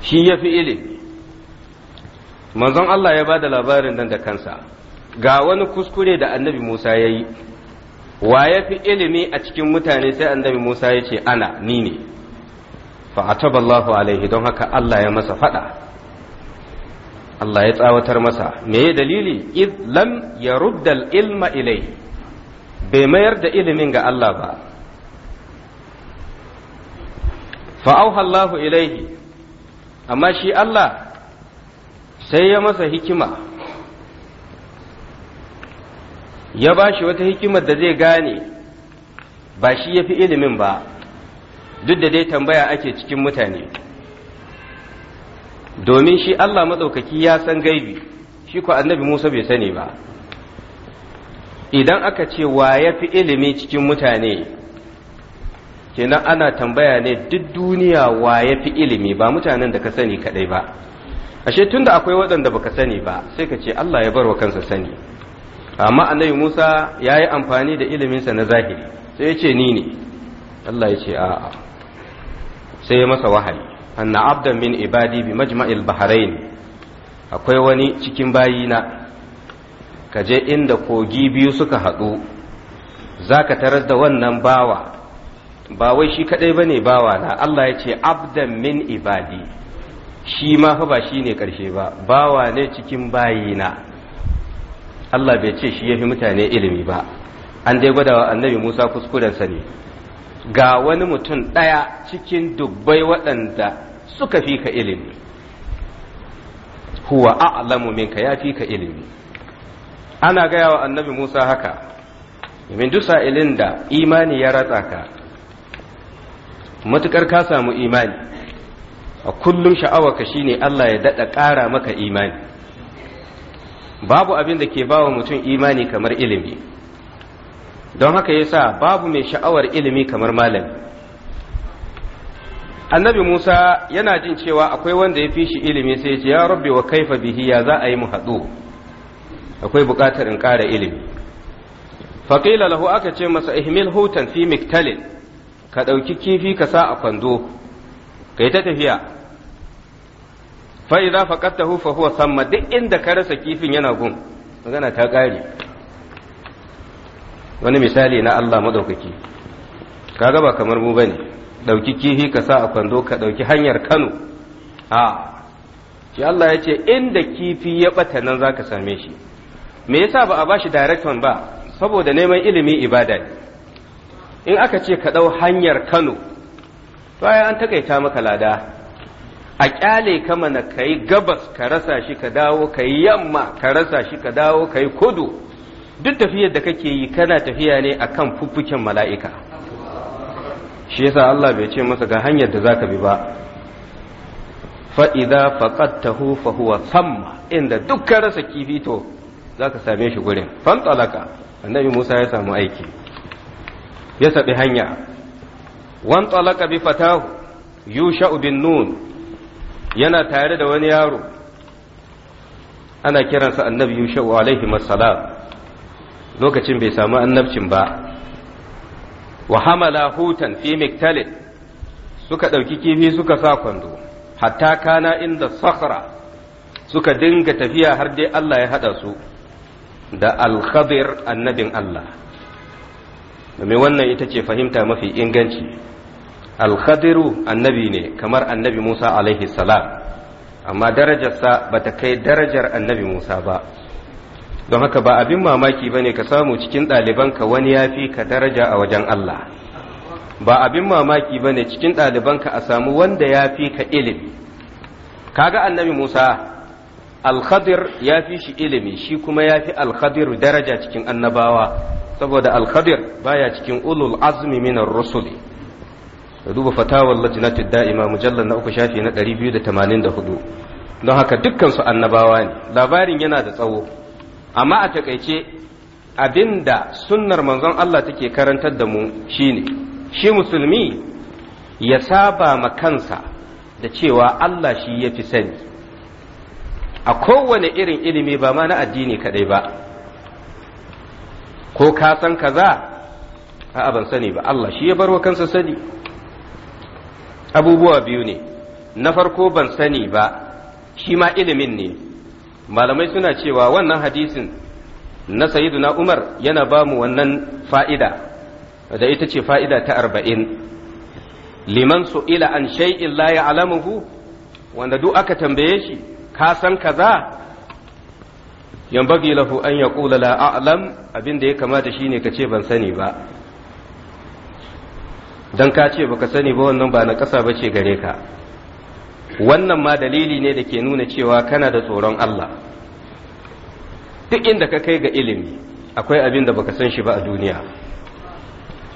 shi ya fi ilimi manzon Allah ya ba da labarin nan da kansa ga wani kuskure da annabi Musa ya yi wa ya fi ilimi a cikin mutane sai annabi Musa ya ce ana ni ne Allahu alaihi don haka Allah ya masa fada Allah ya tsawatar masa me dalili id lam yarudda ilma ilai bai mayar da ilimin ga Allah ba Allahu ilaihi amma shi Allah sai ya masa hikima ya ba shi wata hikimar da zai gane ba shi ya fi ilimin ba duk da dai tambaya ake cikin mutane domin shi Allah matsaukaki ya san gaibi shi ko annabi Musa bai sani ba idan aka ce wa ya fi ilimi cikin mutane kenan ana tambaya ne duk duniya wa ya fi ilimi ba mutanen da ka sani kadai ba ashe tunda akwai waɗanda baka sani ba sai ka ce Allah ya bar wa kansa sani amma annabi Musa ya yi amfani da iliminsa na zahiri sai ya ce ni ne Allah ya ce a'a sai ya masa wahayi anna abdan min ibadi bi majma'il bahrain akwai wani cikin bayi na. ka je inda kogi biyu suka haɗu zaka tarar da wannan bawa ba wai shi kadai bane ba na Allah ya ce abdan min ibadi shi ma fa ba shi ne karshe ba bawa ne cikin bayina Allah bai ce shi ya fi mutane ilimi ba an dai gwada wa annabi Musa kuskurensa ne ga wani mutum ɗaya cikin dubbai waɗanda suka fi ka ilimi huwa a'lamu minka ya fi ka ilimi ana gaya wa annabi Musa haka domin duk sa'ilin da imani ya ratsa ka matukar ka samu imani a kullum sha'awarka shine Allah ya daɗa ƙara maka imani babu abin da ke bawa mutum imani kamar ilimi don haka yasa babu mai sha'awar ilimi kamar malami annabi Musa yana jin cewa akwai wanda ya fi shi ilimi sai ya ce ya rabbi wa kaifa bihi ya za a yi mu haɗu akwai buƙatar in ƙara ilimi faƙila lahu aka ce masa ihmil hutan fi miktalin ka ɗauki kifi ka sa a kwando ka yi ta tafiya fa idza faqadtahu fa huwa samma duk inda ka rasa kifin yana gun magana ta ƙare wani misali na Allah madaukaki kaga ba kamar mu bane ɗauki kifi ka sa a kwando ka ɗauki hanyar Kano a shi Allah ya ce inda kifi ya ɓata nan za ka same shi me yasa ba a ba shi direction ba saboda neman ilimi ibada ne in aka ce ka ɗau hanyar kano to an takaita maka lada a ƙyale ka mana ka yi gabas ka rasa shi ka dawo ka yi yamma ka rasa shi ka dawo ka yi kudu duk tafiyar da kake yi kana tafiya ne a kan fuffuken mala'ika shi yasa Allah bai ce masa ga hanyar da za ka bi ba fa'iza faƙattahu samma inda duk ka rasa kifi za ka same shi gurin fantalaka annabi musa ya samu aiki ya taɓi hanya wan talaka bi fatahu Yusha'u bin nun yana tare da wani yaro ana kiransa annabi Yusha'u alaihi salam lokacin bai samu annabcin ba wa hamala hutan fi miktalin suka ɗauki kifi suka sa kwando hatta kana inda sakhra suka dinga tafiya har dai Allah ya haɗa su da alkhadir annabin Allah domin wannan ita ce fahimta mafi inganci alkhadiru annabi ne kamar annabi musa alaihi salam amma darajarsa ba ta kai darajar annabi musa ba don haka ba abin mamaki ba ne ka samu cikin ɗalibanka wani ya fi ka daraja a wajen allah ba abin mamaki ba ne cikin ɗalibanka a samu wanda ya fi ka ilimi kaga annabi musa alkhadir ya fi shi ilimi shi kuma ya fi alkhadir daraja cikin annabawa saboda alkhadir baya cikin ulul azmi minar rusuli duba fatawar lajinatu da'ima mujallar na uku shafi na 284 don haka dukkansu annabawa ne labarin yana da tsawo amma a takaice abinda sunnar manzon Allah take karantar da mu shine shi musulmi ya saba ma kansa da cewa Allah shi ya fi sani a kowane irin ilimi ba ma na addini kaɗai ba ko ka san kaza a ban sani ba Allah shi ya barwa kansa sani abubuwa biyu ne na farko ban sani ba shi ma ilimin ne malamai suna cewa wannan hadisin na na umar yana ba mu wannan fa'ida da ita ce fa'ida ta arba'in liman su'ila an shay'in la alamuhu wanda duk aka tambaye shi ka san kaza yanbaghi lahu an yaqula la a'lam abin da ya kamata shine ka ce ban sani ba dan ka ce baka sani ba wannan ba na kasa bace gare ka wannan ma dalili ne da ke nuna cewa kana da tsoron Allah duk inda ka kai ga ilimi akwai abin da baka san shi ba a duniya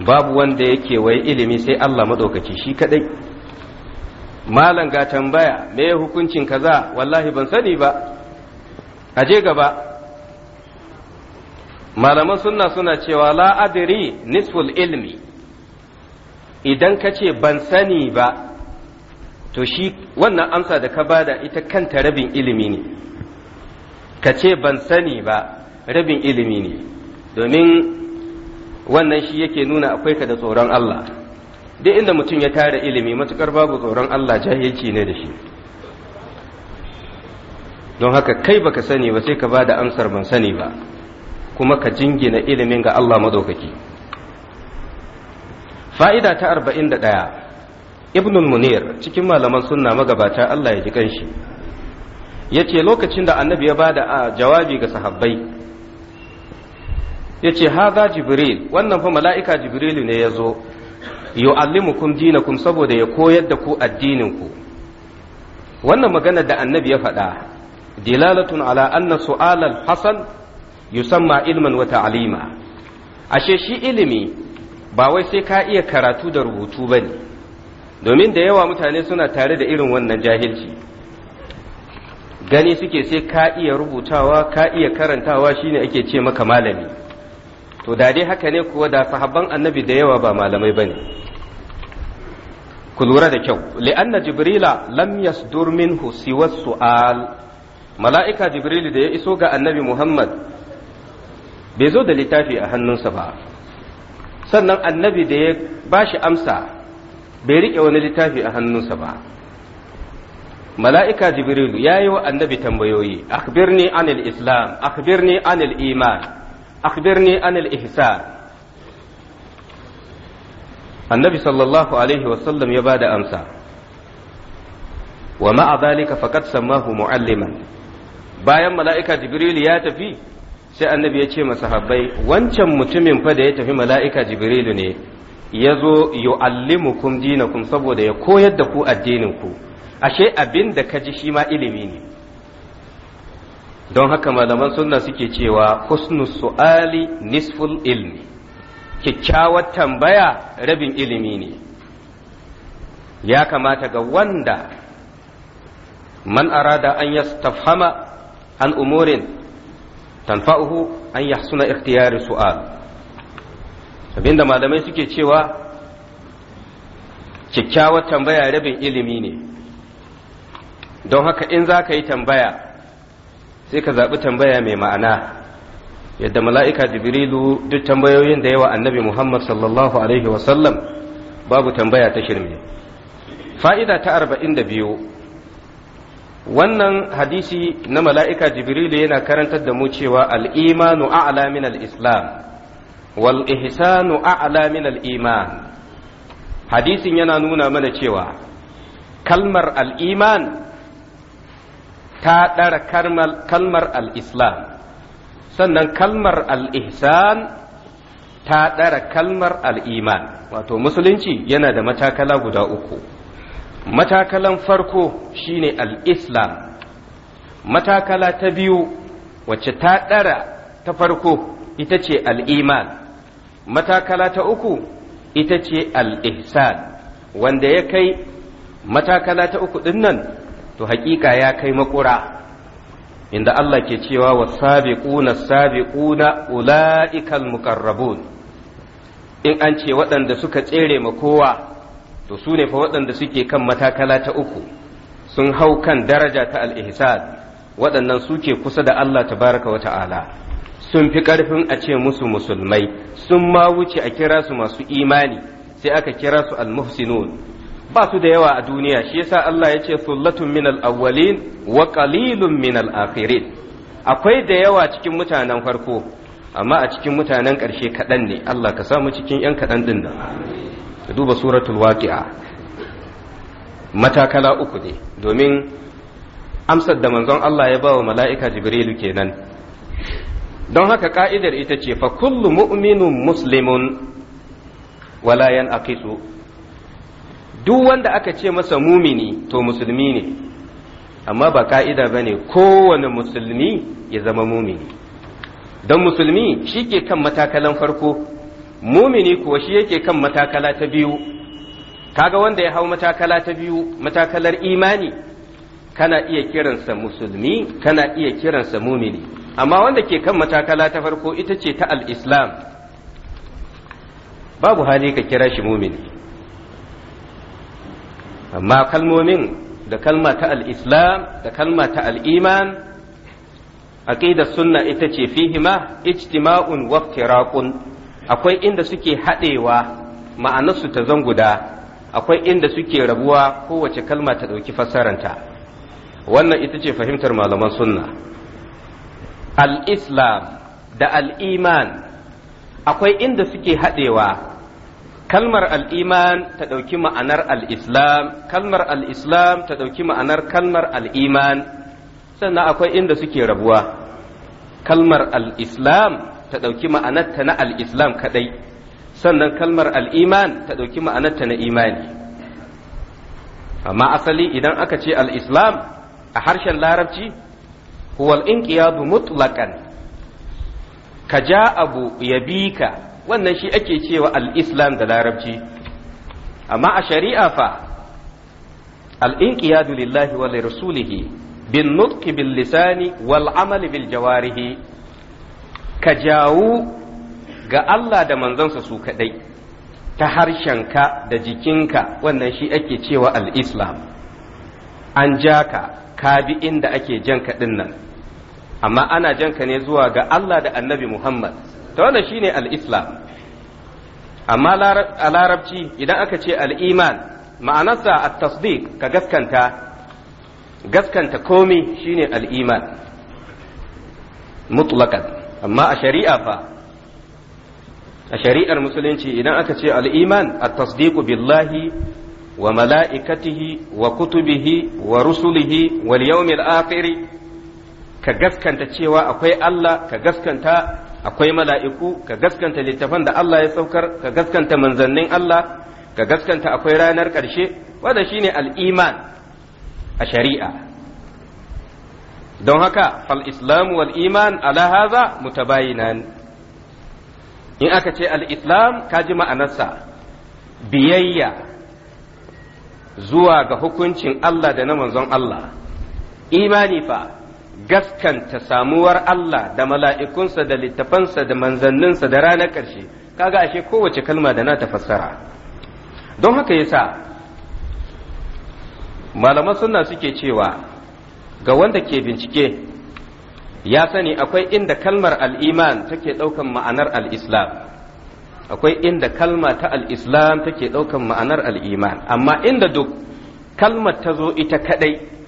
babu wanda yake wai ilimi sai Allah madaukaki shi kaɗai. malam ga tambaya me hukuncin kaza wallahi ban sani ba a je gaba malaman sunna suna cewa la adri nisful ilmi idan ka ce ban sani ba to shi wannan amsa da ka bada ita kanta rabin ilimi ne ka ce ban sani ba rabin ilimi ne domin wannan shi yake nuna akwai ka da tsoron Allah duk inda mutum ya tara ilimi matukar babu tsoron Allah jahilci ne da shi don haka kai baka sani ba sai ka ba da amsar ban sani ba kuma ka jingina ilimin ga Allah madaukaki fa'ida ta arba'in da ɗaya ibnul munir cikin malaman sunna magabata Allah ya ji kanshi ya ce lokacin da annabi ya bada da jawabi ga sahabbai ya ce haza jibril wannan fa mala'ika jibrilu ne ya zo yu'allimukum dinakum saboda ya koyar da ku addinin ku wannan magana da annabi ya faɗa dilalatun ala anna su'al al-hasan yusamma ilman wa ta'lima ashe shi ilimi ba wai sai ka iya karatu da rubutu bane domin da yawa mutane suna tare da irin wannan jahilci gani suke sai ka iya rubutawa ka iya karantawa shine ake ce maka malami to da dai haka ne kuwa da sahabban annabi da yawa ba malamai bane ku lura da kyau li'anna jibrila lam yasdur minhu siwa su'al mala'ika jibril da ya iso ga annabi muhammad bai zo da littafi a hannunsa ba sannan annabi da ya bashi amsa bai rike wani littafi a hannunsa ba mala'ika jibrilu ya yi wa annabi tambayoyi akhbirni anil islam akhbirni anil iman akhbirni anil ihsan annabi sallallahu alaihi wasallam ya bada amsa wa ma'a zalika sammahu mu'alliman bayan mala'ika jibrilu ya tafi sai annabi ya ce masahabbai wancan mutumin fa da ya tafi mala'ika jibrilu ne ya zo yu'allimukum dinakum saboda ya koyar da ku addinin ku ashe abin da ka ji shi ma ilimi ne don haka malaman sunna suke cewa husnu su'ali nisful ilmi kyakkyawar tambaya rabin ilimi ne ya kamata ga wanda man arada an yastafhama an umurin tanfa'uhu an yahsuna ikhtiyari su'al abinda malamai suke cewa kyakkyawar tambaya rabin ilimi ne don haka in za ka yi tambaya sai ka zaɓi tambaya mai ma'ana yadda mala'ika jibrilu duk tambayoyin da yawa annabi muhammad sallallahu alaihi wasallam babu tambaya ta shirme fa'ida ta arba'in da biyu wannan hadisi na mala'ika jibrilu yana karantar da mu cewa al'imanu a'la min al'islam wal ihsanu a'ala min al'iman hadisin yana nuna mana cewa kalmar al'iman ta ɗara kalmar al'islam sannan kalmar al ta ɗara kalmar al'iman. wato musulunci yana da matakala guda uku matakalan farko shine al-islam matakala ta biyu wacce ta ɗara ta farko ita ce al'iman matakala ta uku ita ce al wanda ya kai matakala ta uku ɗin nan to haƙiƙa ya kai makura inda Allah ke cewa wa sabiquna sabiquna ula'ikal muqarrabun in an ce waɗanda suka tsere ma kowa to su ne fa waɗanda suke kan matakala ta uku sun hau kan daraja ta al-ihsan waɗannan suke kusa da Allah tabaraka wa ta'ala sun fi ƙarfin a ce musu musulmai sun ma wuce a kira su masu imani sai aka kira su al-muhsinun ba su da yawa a duniya shi yasa Allah ya ce sullatun minal awwalin wa qalilun minal akhirin akwai da yawa cikin mutanen farko amma a cikin mutanen ƙarshe kaɗan ne Allah ka samu cikin 'yan kaɗan din nan duba suratul waqi'a matakala uku ne domin amsar da manzon Allah ya ba wa mala'ika jibrilu kenan don haka ka'idar ita ce fa kullu mu'minun muslimun wala yan aqisu duk wanda aka ce masa mumini to musulmi ne amma ba ka'ida ba ne kowane musulmi ya zama mumini don musulmi shi ke kan matakalan farko mumini kuwa shi yake kan matakala ta biyu kaga wanda ya hau matakala ta biyu matakalar imani kana iya kiransa musulmi kana iya kiransa mumini amma wanda ke kan matakala ta farko ita ce ta al-islam babu hali ka kira shi mumini amma kalmomin da kalma ta al-islam da kalma ta aliman iman sunna ita ce fihima ijtima'un wa raƙun, akwai inda suke haɗewa ma'anarsu ta zanguda akwai inda suke rabuwa kowace kalma ta ɗauki fassaranta wannan ita ce fahimtar malaman sunna al-islam da al-iman akwai inda suke haɗewa kalmar al'iman ta ɗauki ma'anar al'islam kalmar al'islam ta ɗauki ma'anar kalmar al'iman sannan akwai inda suke rabuwa kalmar al'islam ta ɗauki ma'anarta na al'islam kaɗai sannan kalmar al'iman ta ɗauki ma'anarta na imani amma asali idan aka ce al'islam a harshen larabci huwal inqiyadu mutlaqan ka ja abu ya bi ka wannan shi ake cewa al-islam da larabci amma a shari'a fa al-inqiyadu lillahi wa rasulihi bin nutqi bil lisani wal amali bil jawarihi ka jawu ga Allah da manzansa su kadai ta harshenka da jikinka wannan shi ake cewa al-islam an ja ka ka bi inda ake jan ka nan amma ana janka ne zuwa ga Allah da annabi Muhammad ta wannan shine al-islam amma a larabci idan aka ce al-iman ma'anarsa at-tasdiq ka gaskanta gaskanta komi shine al-iman mutlaqan amma a shari'a fa a shari'ar musulunci idan aka ce al-iman at-tasdiq billahi wa mala'ikatihi wa kutubihi wa rusulihi wal yawmil akhir ka gaskanta cewa akwai Allah ka gaskanta akwai mala'iku ka gaskanta littafan da Allah ya saukar ka gaskanta manzannin Allah ka gaskanta akwai ranar ƙarshe wanda ne al'iman a shari'a don haka fal islamu wal iman ala haza mutabayinan in aka ce al-islam ka ji ma'anarsa biyayya zuwa ga hukuncin Allah da na manzon Allah imani fa gaskanta samuwar Allah da mala'ikunsa da littafansa da manzanninsa da ranar ƙarshe kaga ashe kowace kalma da na fassara don haka yasa malaman suna suke cewa ga wanda ke bincike ya sani akwai inda kalmar al'iman take ɗaukan ma'anar al'islam akwai inda kalma ta al'islam take ɗaukan ma'anar al'iman amma inda duk kalmar ta zo ita kaɗai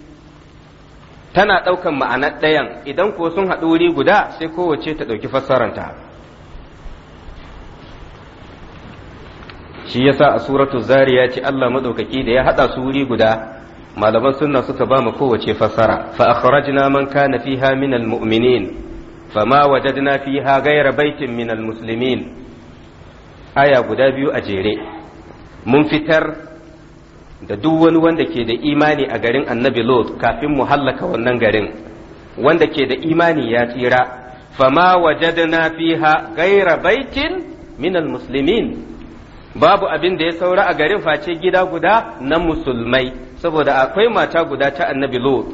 tana ɗaukan ma'anar ɗayan idan ko sun haɗu wuri guda sai kowace ta ɗauki fassaranta shi yasa a suratu zariya ce Allah maɗaukaki da ya haɗa su wuri guda malaman sunna suka ba mu kowace fassara fa akhrajna man kana fiha min almu'minin na wajadna fiha ghayra baitin min almuslimin aya guda biyu a jere mun fitar da duk wani wanda ke da imani a garin annabi lot kafin mu hallaka wannan garin wanda ke da imani ya tsira fama wajadna fiha gaira baitin minal muslimin babu abin da ya saura a garin face gida guda na musulmai saboda akwai mata guda ta annabi lot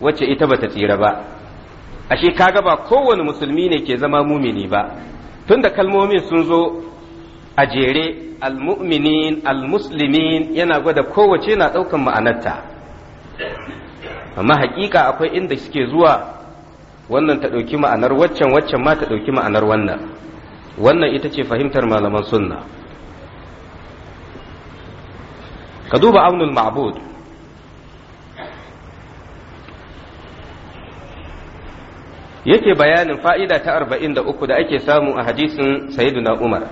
wacce ita bata tsira ba ashe kaga ba kowane musulmi ne ke zama mumini ba tunda kalmomin sun zo a jere almu'minin muslimin yana gwada kowace na ɗaukan ma'anarta amma haƙiƙa akwai inda suke zuwa wannan ta ɗauki ma'anar waccan waccan ma ta ɗauki ma'anar wannan wannan ita ce fahimtar malaman sunna ka duba aunul ma'bud yake bayanin fa'ida ta arba'in da uku da ake samu a hadisin sayyiduna umar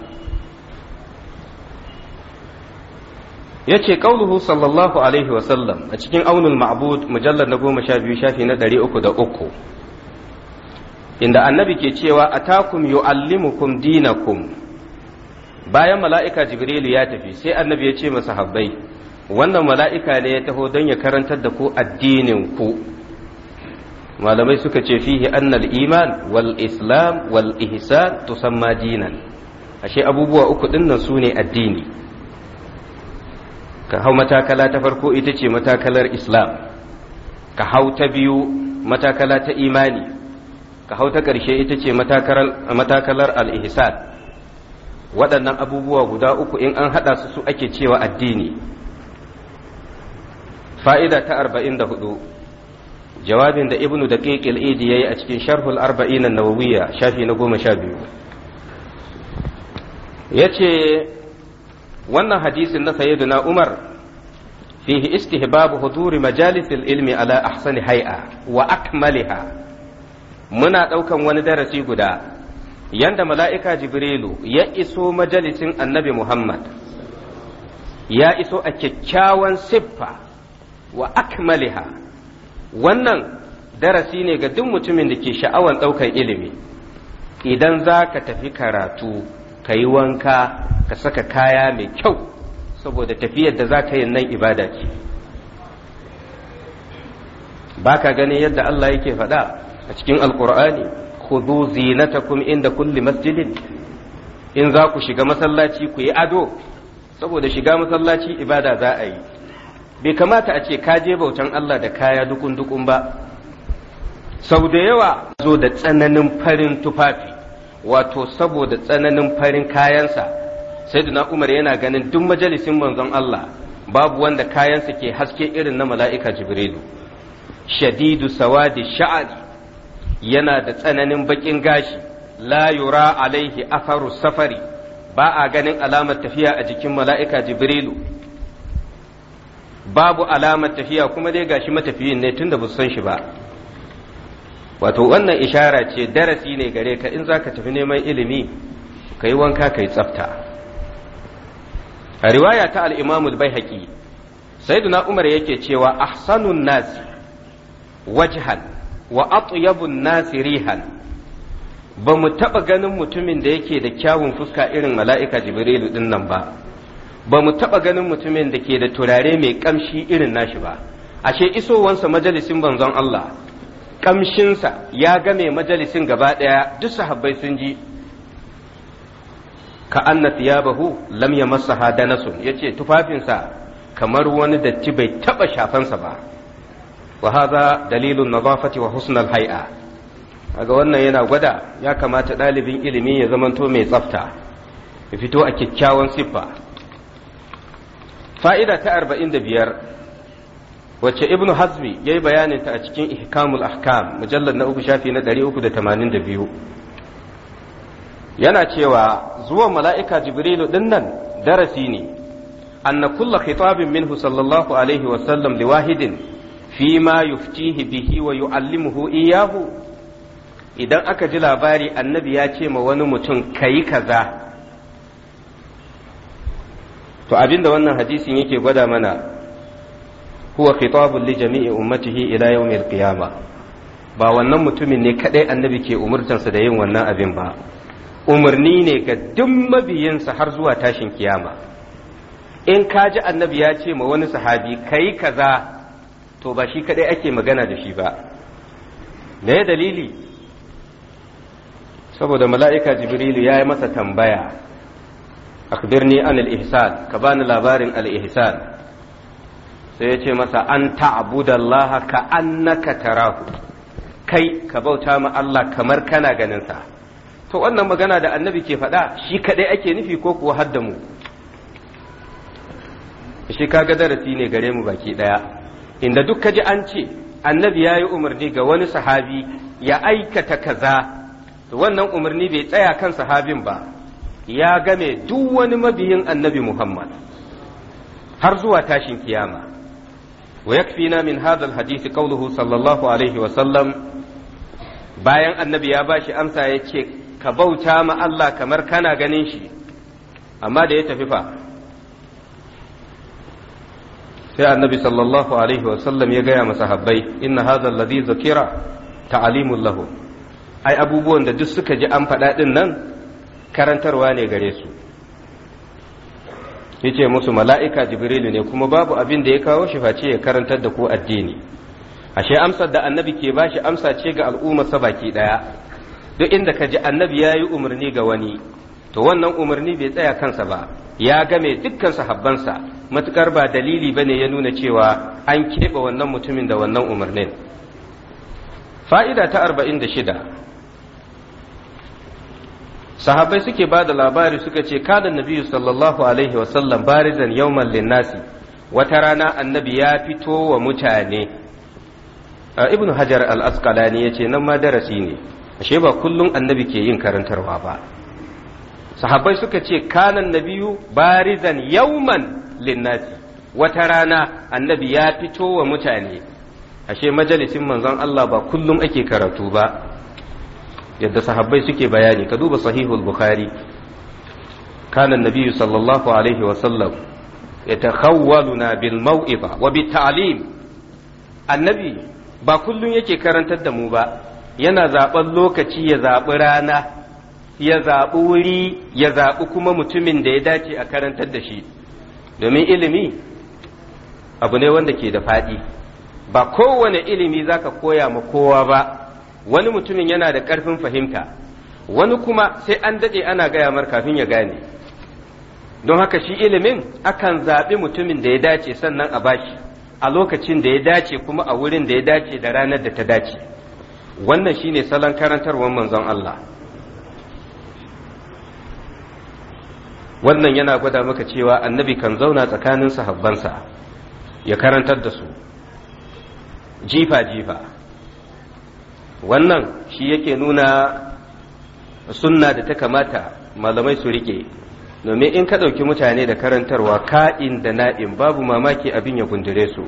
yace qauluhu sallallahu alaihi wa sallam a cikin aunul ma'bud mujallar na goma sha biyu shafi na ɗari uku da uku inda annabi ke cewa atakum yu'allimukum dinakum bayan mala'ika jibrilu ya tafi sai annabi ya ce masa habbai wannan mala'ika ne ya taho don ya karantar da ku addinin ku malamai suka ce fihi annal iman wal islam wal ihsan tusamma dinan ashe abubuwa uku dinnan su ne addini ka hau matakala ta farko ita ce matakalar islam ka hau ta biyu matakala ta imani ka hau ta ƙarshe ita ce matakalar al waɗannan abubuwa guda uku in an haɗa su su ake cewa addini fa'ida ta arba'in da hudu jawabin da ibnu da ƙiƙil idi ya yi a cikin sharhul arba'in na shafi na goma sha biyu ya ce wannan hadisin na sayyiduna umar fihi istihbabu huduri majalisil ilmi ala ahsani hay'a wa akmaliha muna ɗaukan wani darasi guda yanda mala'ika jibrilu ya iso majalisin annabi Muhammad ya iso a kyakkyawan siffa wa akmaliha wannan darasi ne ga duk mutumin da ke sha'awan ɗaukar ilimi idan za ka tafi karatu ka yi wanka ka saka kaya mai kyau saboda tafiyar da za ka yi nan ibada ce ba ka ganin yadda Allah yake faɗa a cikin alkur'ani khudhu zinatakum inda kulli masjidin in za ku shiga masallaci ku yi ado saboda shiga masallaci ibada za a yi bai kamata a ce ka je bautan Allah da kaya dukun dukun ba sau da yawa zo da tsananin farin tufafi wato saboda tsananin farin kayansa sayyidina umar yana ganin duk majalisin manzon Allah babu wanda kayansa ke haske irin na mala'ika jibrilu shadidu sawadi sha'ari yana da tsananin baƙin gashi la yura alaihi afaru safari ba a ganin alamar tafiya a jikin mala'ika jibrilu babu alamar tafiya kuma dai gashi matafiyin ne tunda ba san shi ba wato wannan ishara ce darasi ne gare ka in za ka tafi neman ilimi ka yi wanka ka yi tsafta a riwaya ta al'imamul bai haƙi sayyiduna umar yake cewa ahsanun nasi wajhan wa atyabun nasi rihan ba mu taɓa ganin mutumin da yake da kyawun fuska irin mala'ika jibrilu ɗin nan ba ba mu taɓa ganin mutumin da ke da turare mai ƙamshi irin nashi ba ashe isowansa majalisin banzon Allah kamshinsa ya game majalisin gaba ɗaya duk sahabbai sun ji ka anna tiyabahu lam nasu ya ce tufafinsa kamar wani datti bai taba shafansa ba wa hadha dalilun nadafati wa husnal hay'a kaga wannan yana gwada ya kamata ɗalibin ilimi ya zamanto mai tsafta ya fito a kyakkyawan siffa fa'ida ta arba'in da biyar wacce ibnu hazmi ya yi ta a cikin ihkamul ahkam mujallar na uku shafi na 382 yana cewa zuwan mala'ika jibrilu dinnan darasi ne anna kulla khitabin minhu sallallahu alaihi wasallam liwahidin fi ma yuftihi bihi wa yu'allimuhu iyahu idan aka ji labari annabi ya ce ma wani mutum kayi kaza to abinda wannan hadisin yake gwada mana huwa khitabun li jami'i ummatihi ila yawmil qiyama ba wannan mutumin ne kadai annabi ke sa da yin wannan abin ba umarni ne ga duk mabiyinsa har zuwa tashin kiyama in ka ji annabi ya ce ma wani sahabi kai kaza to ba shi kadai ake magana da shi ba me dalili saboda mala'ika jibrilu ya yi masa tambaya akbirni an al-ihsan ka bani labarin al-ihsan sai ya ce masa an ta'budallaha ka annaka tarahu kai ka bauta ma Allah kamar kana ganin sa to wannan magana da annabi ke faɗa shi kadai ake nufi ko kuwa hadda mu shi ga darasi ne gare mu baki daya inda duk kaji an ce annabi ya yi umarni ga wani sahabi ya aikata kaza to wannan umarni bai tsaya kan sahabin ba ya game duk wani mabiyin annabi muhammad har zuwa tashin kiyama ويكفينا من هذا الحديث قوله صلى الله عليه وسلم bayan annabi ya bashi amsa ya ce ka bauta ma Allah kamar kana ganin shi amma da ya tafi fa sai annabi sallallahu alaihi wasallam ya gaya masahabbai inna hadha alladhi zakira ta'limul lahu ai abubuwan da duk suka ji an faɗa din nan karantarwa ne gare su yace musu mala'ika jibrilu ne kuma babu abin da ya kawo shi face ya karantar da ku addini ashe amsar da annabi ke bashi amsa ce ga al'ummar sa baki daya duk inda ka ji annabi ya yi umarni ga wani to wannan umarni bai tsaya kansa ba ya game dukkan sahabbansa matukar ba dalili bane ya nuna cewa an keɓe wannan mutumin da wannan umarnin fa'ida ta arba'in da shida Sahabai suke ba da labari suka ce kada nabi sallallahu alaihi wasallam barizan yawman linnasi wata rana annabi ya fito wa mutane ibnu hajar al-asqalani ya ce nan ma darasi ne ashe ba kullum annabi ke yin karantarwa ba Sahabai suka ce kanan nabiyu barizan yawman linnasi wata rana annabi ya fito wa mutane ashe majalisin manzon Allah ba kullum ake karatu ba yadda sahabbai suke bayani ka duba sahihul bukhari kana Nabiyu sallallahu alaihi wa sallam yatakhawwaluna bil mau'iza wa bit ta'lim annabi ba kullun yake karantar da mu ba yana zaben lokaci ya zabi rana ya zabi wuri ya zabi kuma mutumin da ya dace a karantar da shi domin ilimi abu ne wanda ke da faɗi ba kowane ilimi zaka koya ma kowa ba wani mutumin yana da ƙarfin fahimta wani kuma sai an daɗe ana gaya mar kafin ya gane don haka shi ilimin akan zaɓi mutumin da ya dace sannan a bashi a lokacin da ya dace kuma a wurin da ya dace da ranar da ta dace wannan shine salon karantarwar manzon Allah wannan yana gwada maka cewa annabi kan zauna tsakanin sahabbansa ya karantar da su jifa-jifa wannan shi yake nuna sunna da ta kamata malamai su rike domin in ka ɗauki mutane da karantarwa ka'in da na'in babu mamaki abin ya gundure su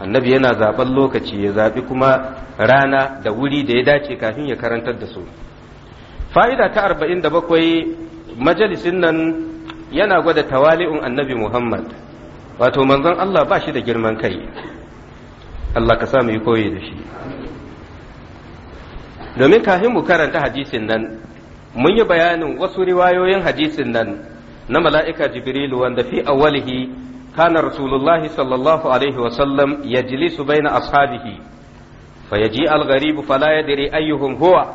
annabi yana zaɓen lokaci ya zaɓi kuma rana da wuri da ya dace kafin ya karantar da su fa'ida ta arba'in da bakwai majalisin nan yana gwada tawali'un annabi muhammad wato manzon allah ba shi da girman kai allah ka sa mu yi koyi da shi domin kafin mu karanta hadisin nan mun yi bayanin wasu riwayoyin hadisin nan na mala'ika jibrilu wanda fi awalihi kana rasulullahi sallallahu alaihi wasallam bai baina ashabihi ji al'gari gharib fala yadri ayyuhun huwa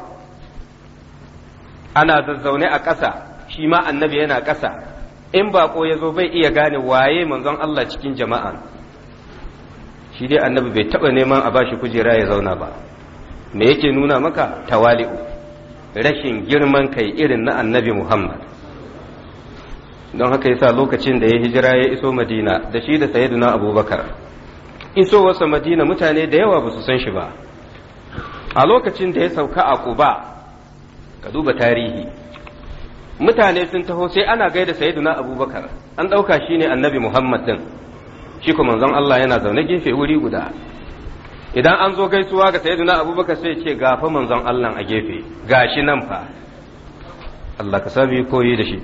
ana zazzaune a ƙasa shi ma annabi yana ƙasa in baƙo ya zo bai iya gane waye manzon Allah cikin jama'a shi dai annabi bai taɓa neman a bashi kujera ya zauna ba me yake nuna maka tawali'u rashin girman kai irin na annabi muhammad don haka yasa lokacin da ya hijira ya iso madina da shi da sayyiduna abubakar iso wasa madina mutane da yawa ba su san shi ba a lokacin da ya sauka a kuba ka duba tarihi mutane sun taho sai ana gaida sayyiduna abubakar an ɗauka shi ne annabi muhammad din shi kuma manzon allah yana zaune gefe wuri guda idan an zo gaisuwa ga sayyiduna abubakar sai ce gafa manzon Allah a gefe gashi nan fa Allah ka sami koyi da shi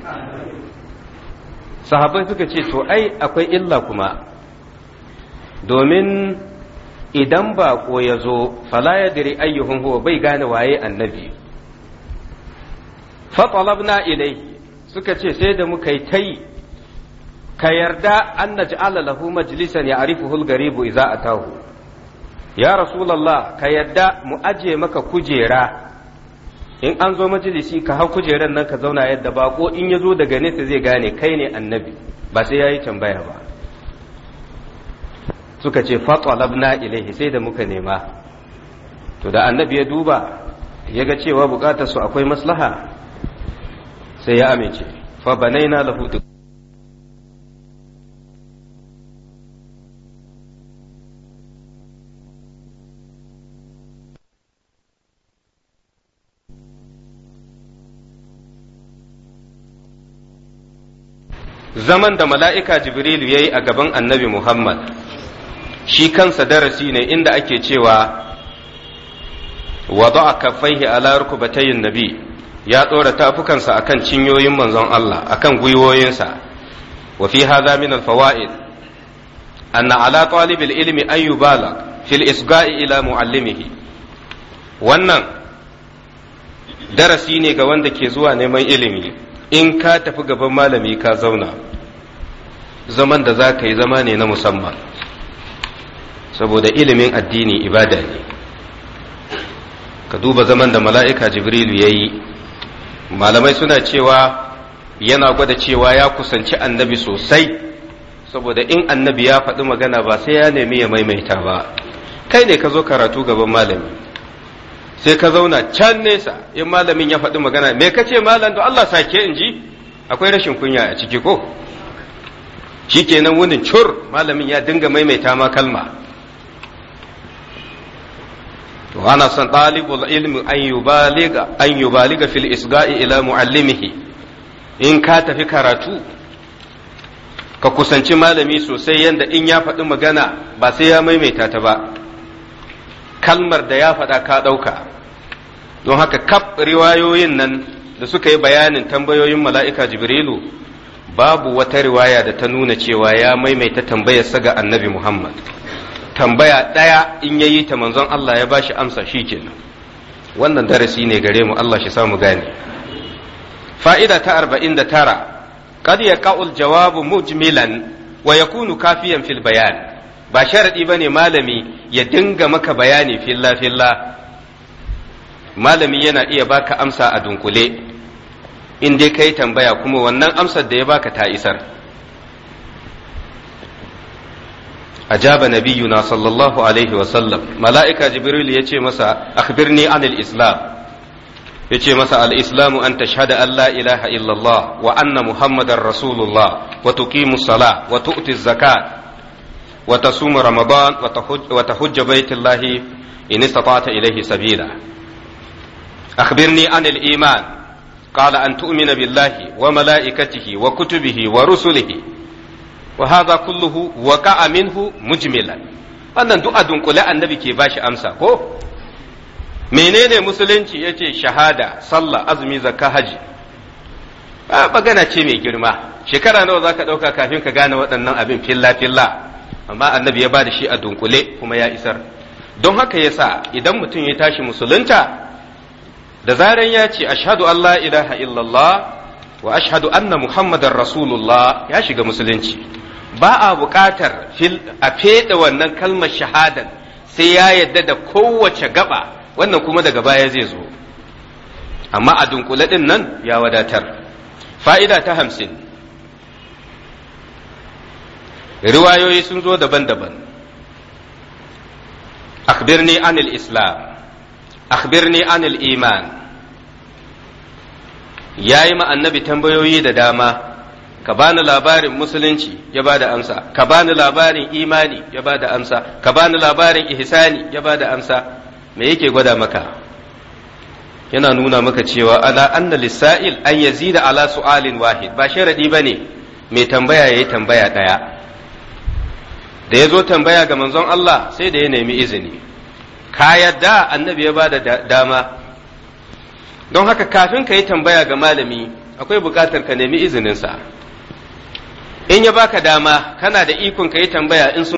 sahabbai suka ce to ai akwai illa kuma domin idan ba ya zo fala ya dire ayyuhun huwa bai gane waye annabi talabna ilai suka ce sai da muka yi tai ka yarda an naj'ala lahu majlisan ya'rifuhu al-garibu idza atahu ya rasulallah ka yadda mu aje maka kujera in an zo majalisi ka hau kujeran nan ka zauna yadda bako in ya zo daga nesa zai gane kai ne annabi ba sai ya yi tambaya ba suka ce fatwalabna ilaihi sai da muka nema to da annabi ya duba ya ga cewa bukatar su akwai maslaha sai ya amince fa banaina lahu zaman da mala'ika jibrilu ya yi a gaban annabi muhammad shi kansa darasi ne inda ake cewa wada'a kaffaihi ala yin nabi ya tsora tafukansa akan cinyoyin manzon Allah akan gwiwoyinsa wa fi hadha min alfawaid anna ala talibil ilmi an fil isga'i ila muallimihi wannan darasi ne ga wanda ke zuwa neman ilimi in ka tafi gaban malami ka zauna zaman da za ka yi zama ne na musamman saboda ilimin addini ibada ne ka duba zaman da mala'ika jibrilu ya yi malamai suna cewa yana gwada cewa ya kusanci annabi sosai saboda in annabi ya faɗi magana ba sai ya nemi ya maimaita ba kai ne ka zo karatu gaban malami sai ka zauna can nesa in malamin ya faɗi magana me ka ce malam to Allah sake in ji akwai rashin kunya a ciki ko kenan wani cur malamin ya dinga maimaita ma kalma to ana son ɗalibul ilmi an yubaliga an yubaliga fil isga'i ila muallimihi in ka tafi karatu ka kusanci malami sosai yanda in ya faɗi magana ba sai ya maimaita ta ba kalmar da ya faɗa ka ɗauka don haka kaf riwayoyin nan da suka yi bayanin tambayoyin mala'ika jibrilu babu wata riwaya da ta nuna cewa ya maimaita tambayarsa ga annabi Muhammad tambaya ɗaya in yayi ta manzon Allah ya bashi amsa shikenan wannan darasi ne gare mu Allah shi samu gane fa'ida ta arba'in da tara قد ka'ul الجواب مجملا waya kunu في البيان ba sharaɗi ba ne malami ya dinga maka bayani filla-filla malami yana iya baka amsa a dunkule in dai yi tambaya kuma wannan amsar da ya baka ta isar ajaba nabiyuna sallallahu alaihi wasallam mala'ika jibril ya ce masa akhbirni anil islam ya ce masa al'islamu an tashhada Allah ilaha illallah wa anna muhammadar rasulullah wa tuqimu sala wa tu'ti zakat wa tasumu ramadan wa tahujja baitullahi in istata'ta ilayhi sabila akhbirni anil iman قال أن تؤمن بالله وملائكته وكتبه ورسله وهذا كله وقع منه مجملا wannan du'a dunkule annabi ke bashi amsa ko menene musulunci yace shahada sallah azumi zakka haji ba magana ce mai girma shekara nawa zaka dauka kafin ka gane waɗannan abin filla filla amma annabi ya bada shi a dunkule kuma ya isar don haka yasa idan mutum ya tashi musulunta da zaran ya ce ashadu Allah ilaha illallah wa ashadu anna muhammadar rasulullah ya shiga musulunci ba a buƙatar a feɗe wannan kalmar shahadan sai ya yadda da kowace gaba wannan kuma daga baya zai zo amma a dunkule ɗin nan ya wadatar fa'ida ta hamsin riwayoyi sun zo daban-daban akbirni anil islam akhbirni anil iman ya yi annabi tambayoyi da dama ka bani labarin musulunci ya bada amsa ka bani labarin imani ya bada amsa ka bani labarin ihsani ya bada amsa me yake gwada maka yana nuna maka cewa ala anna lisa'il an yazida ala su'alin wahid ba sharadi bane mai tambaya yayi tambaya daya da ya zo tambaya ga manzon Allah sai da ya nemi izini ka yadda annabi ya ba da dama don haka kafin ka yi tambaya ga malami akwai bukatar ka nemi izininsa in ya baka dama kana da ikon ka yi tambaya in sun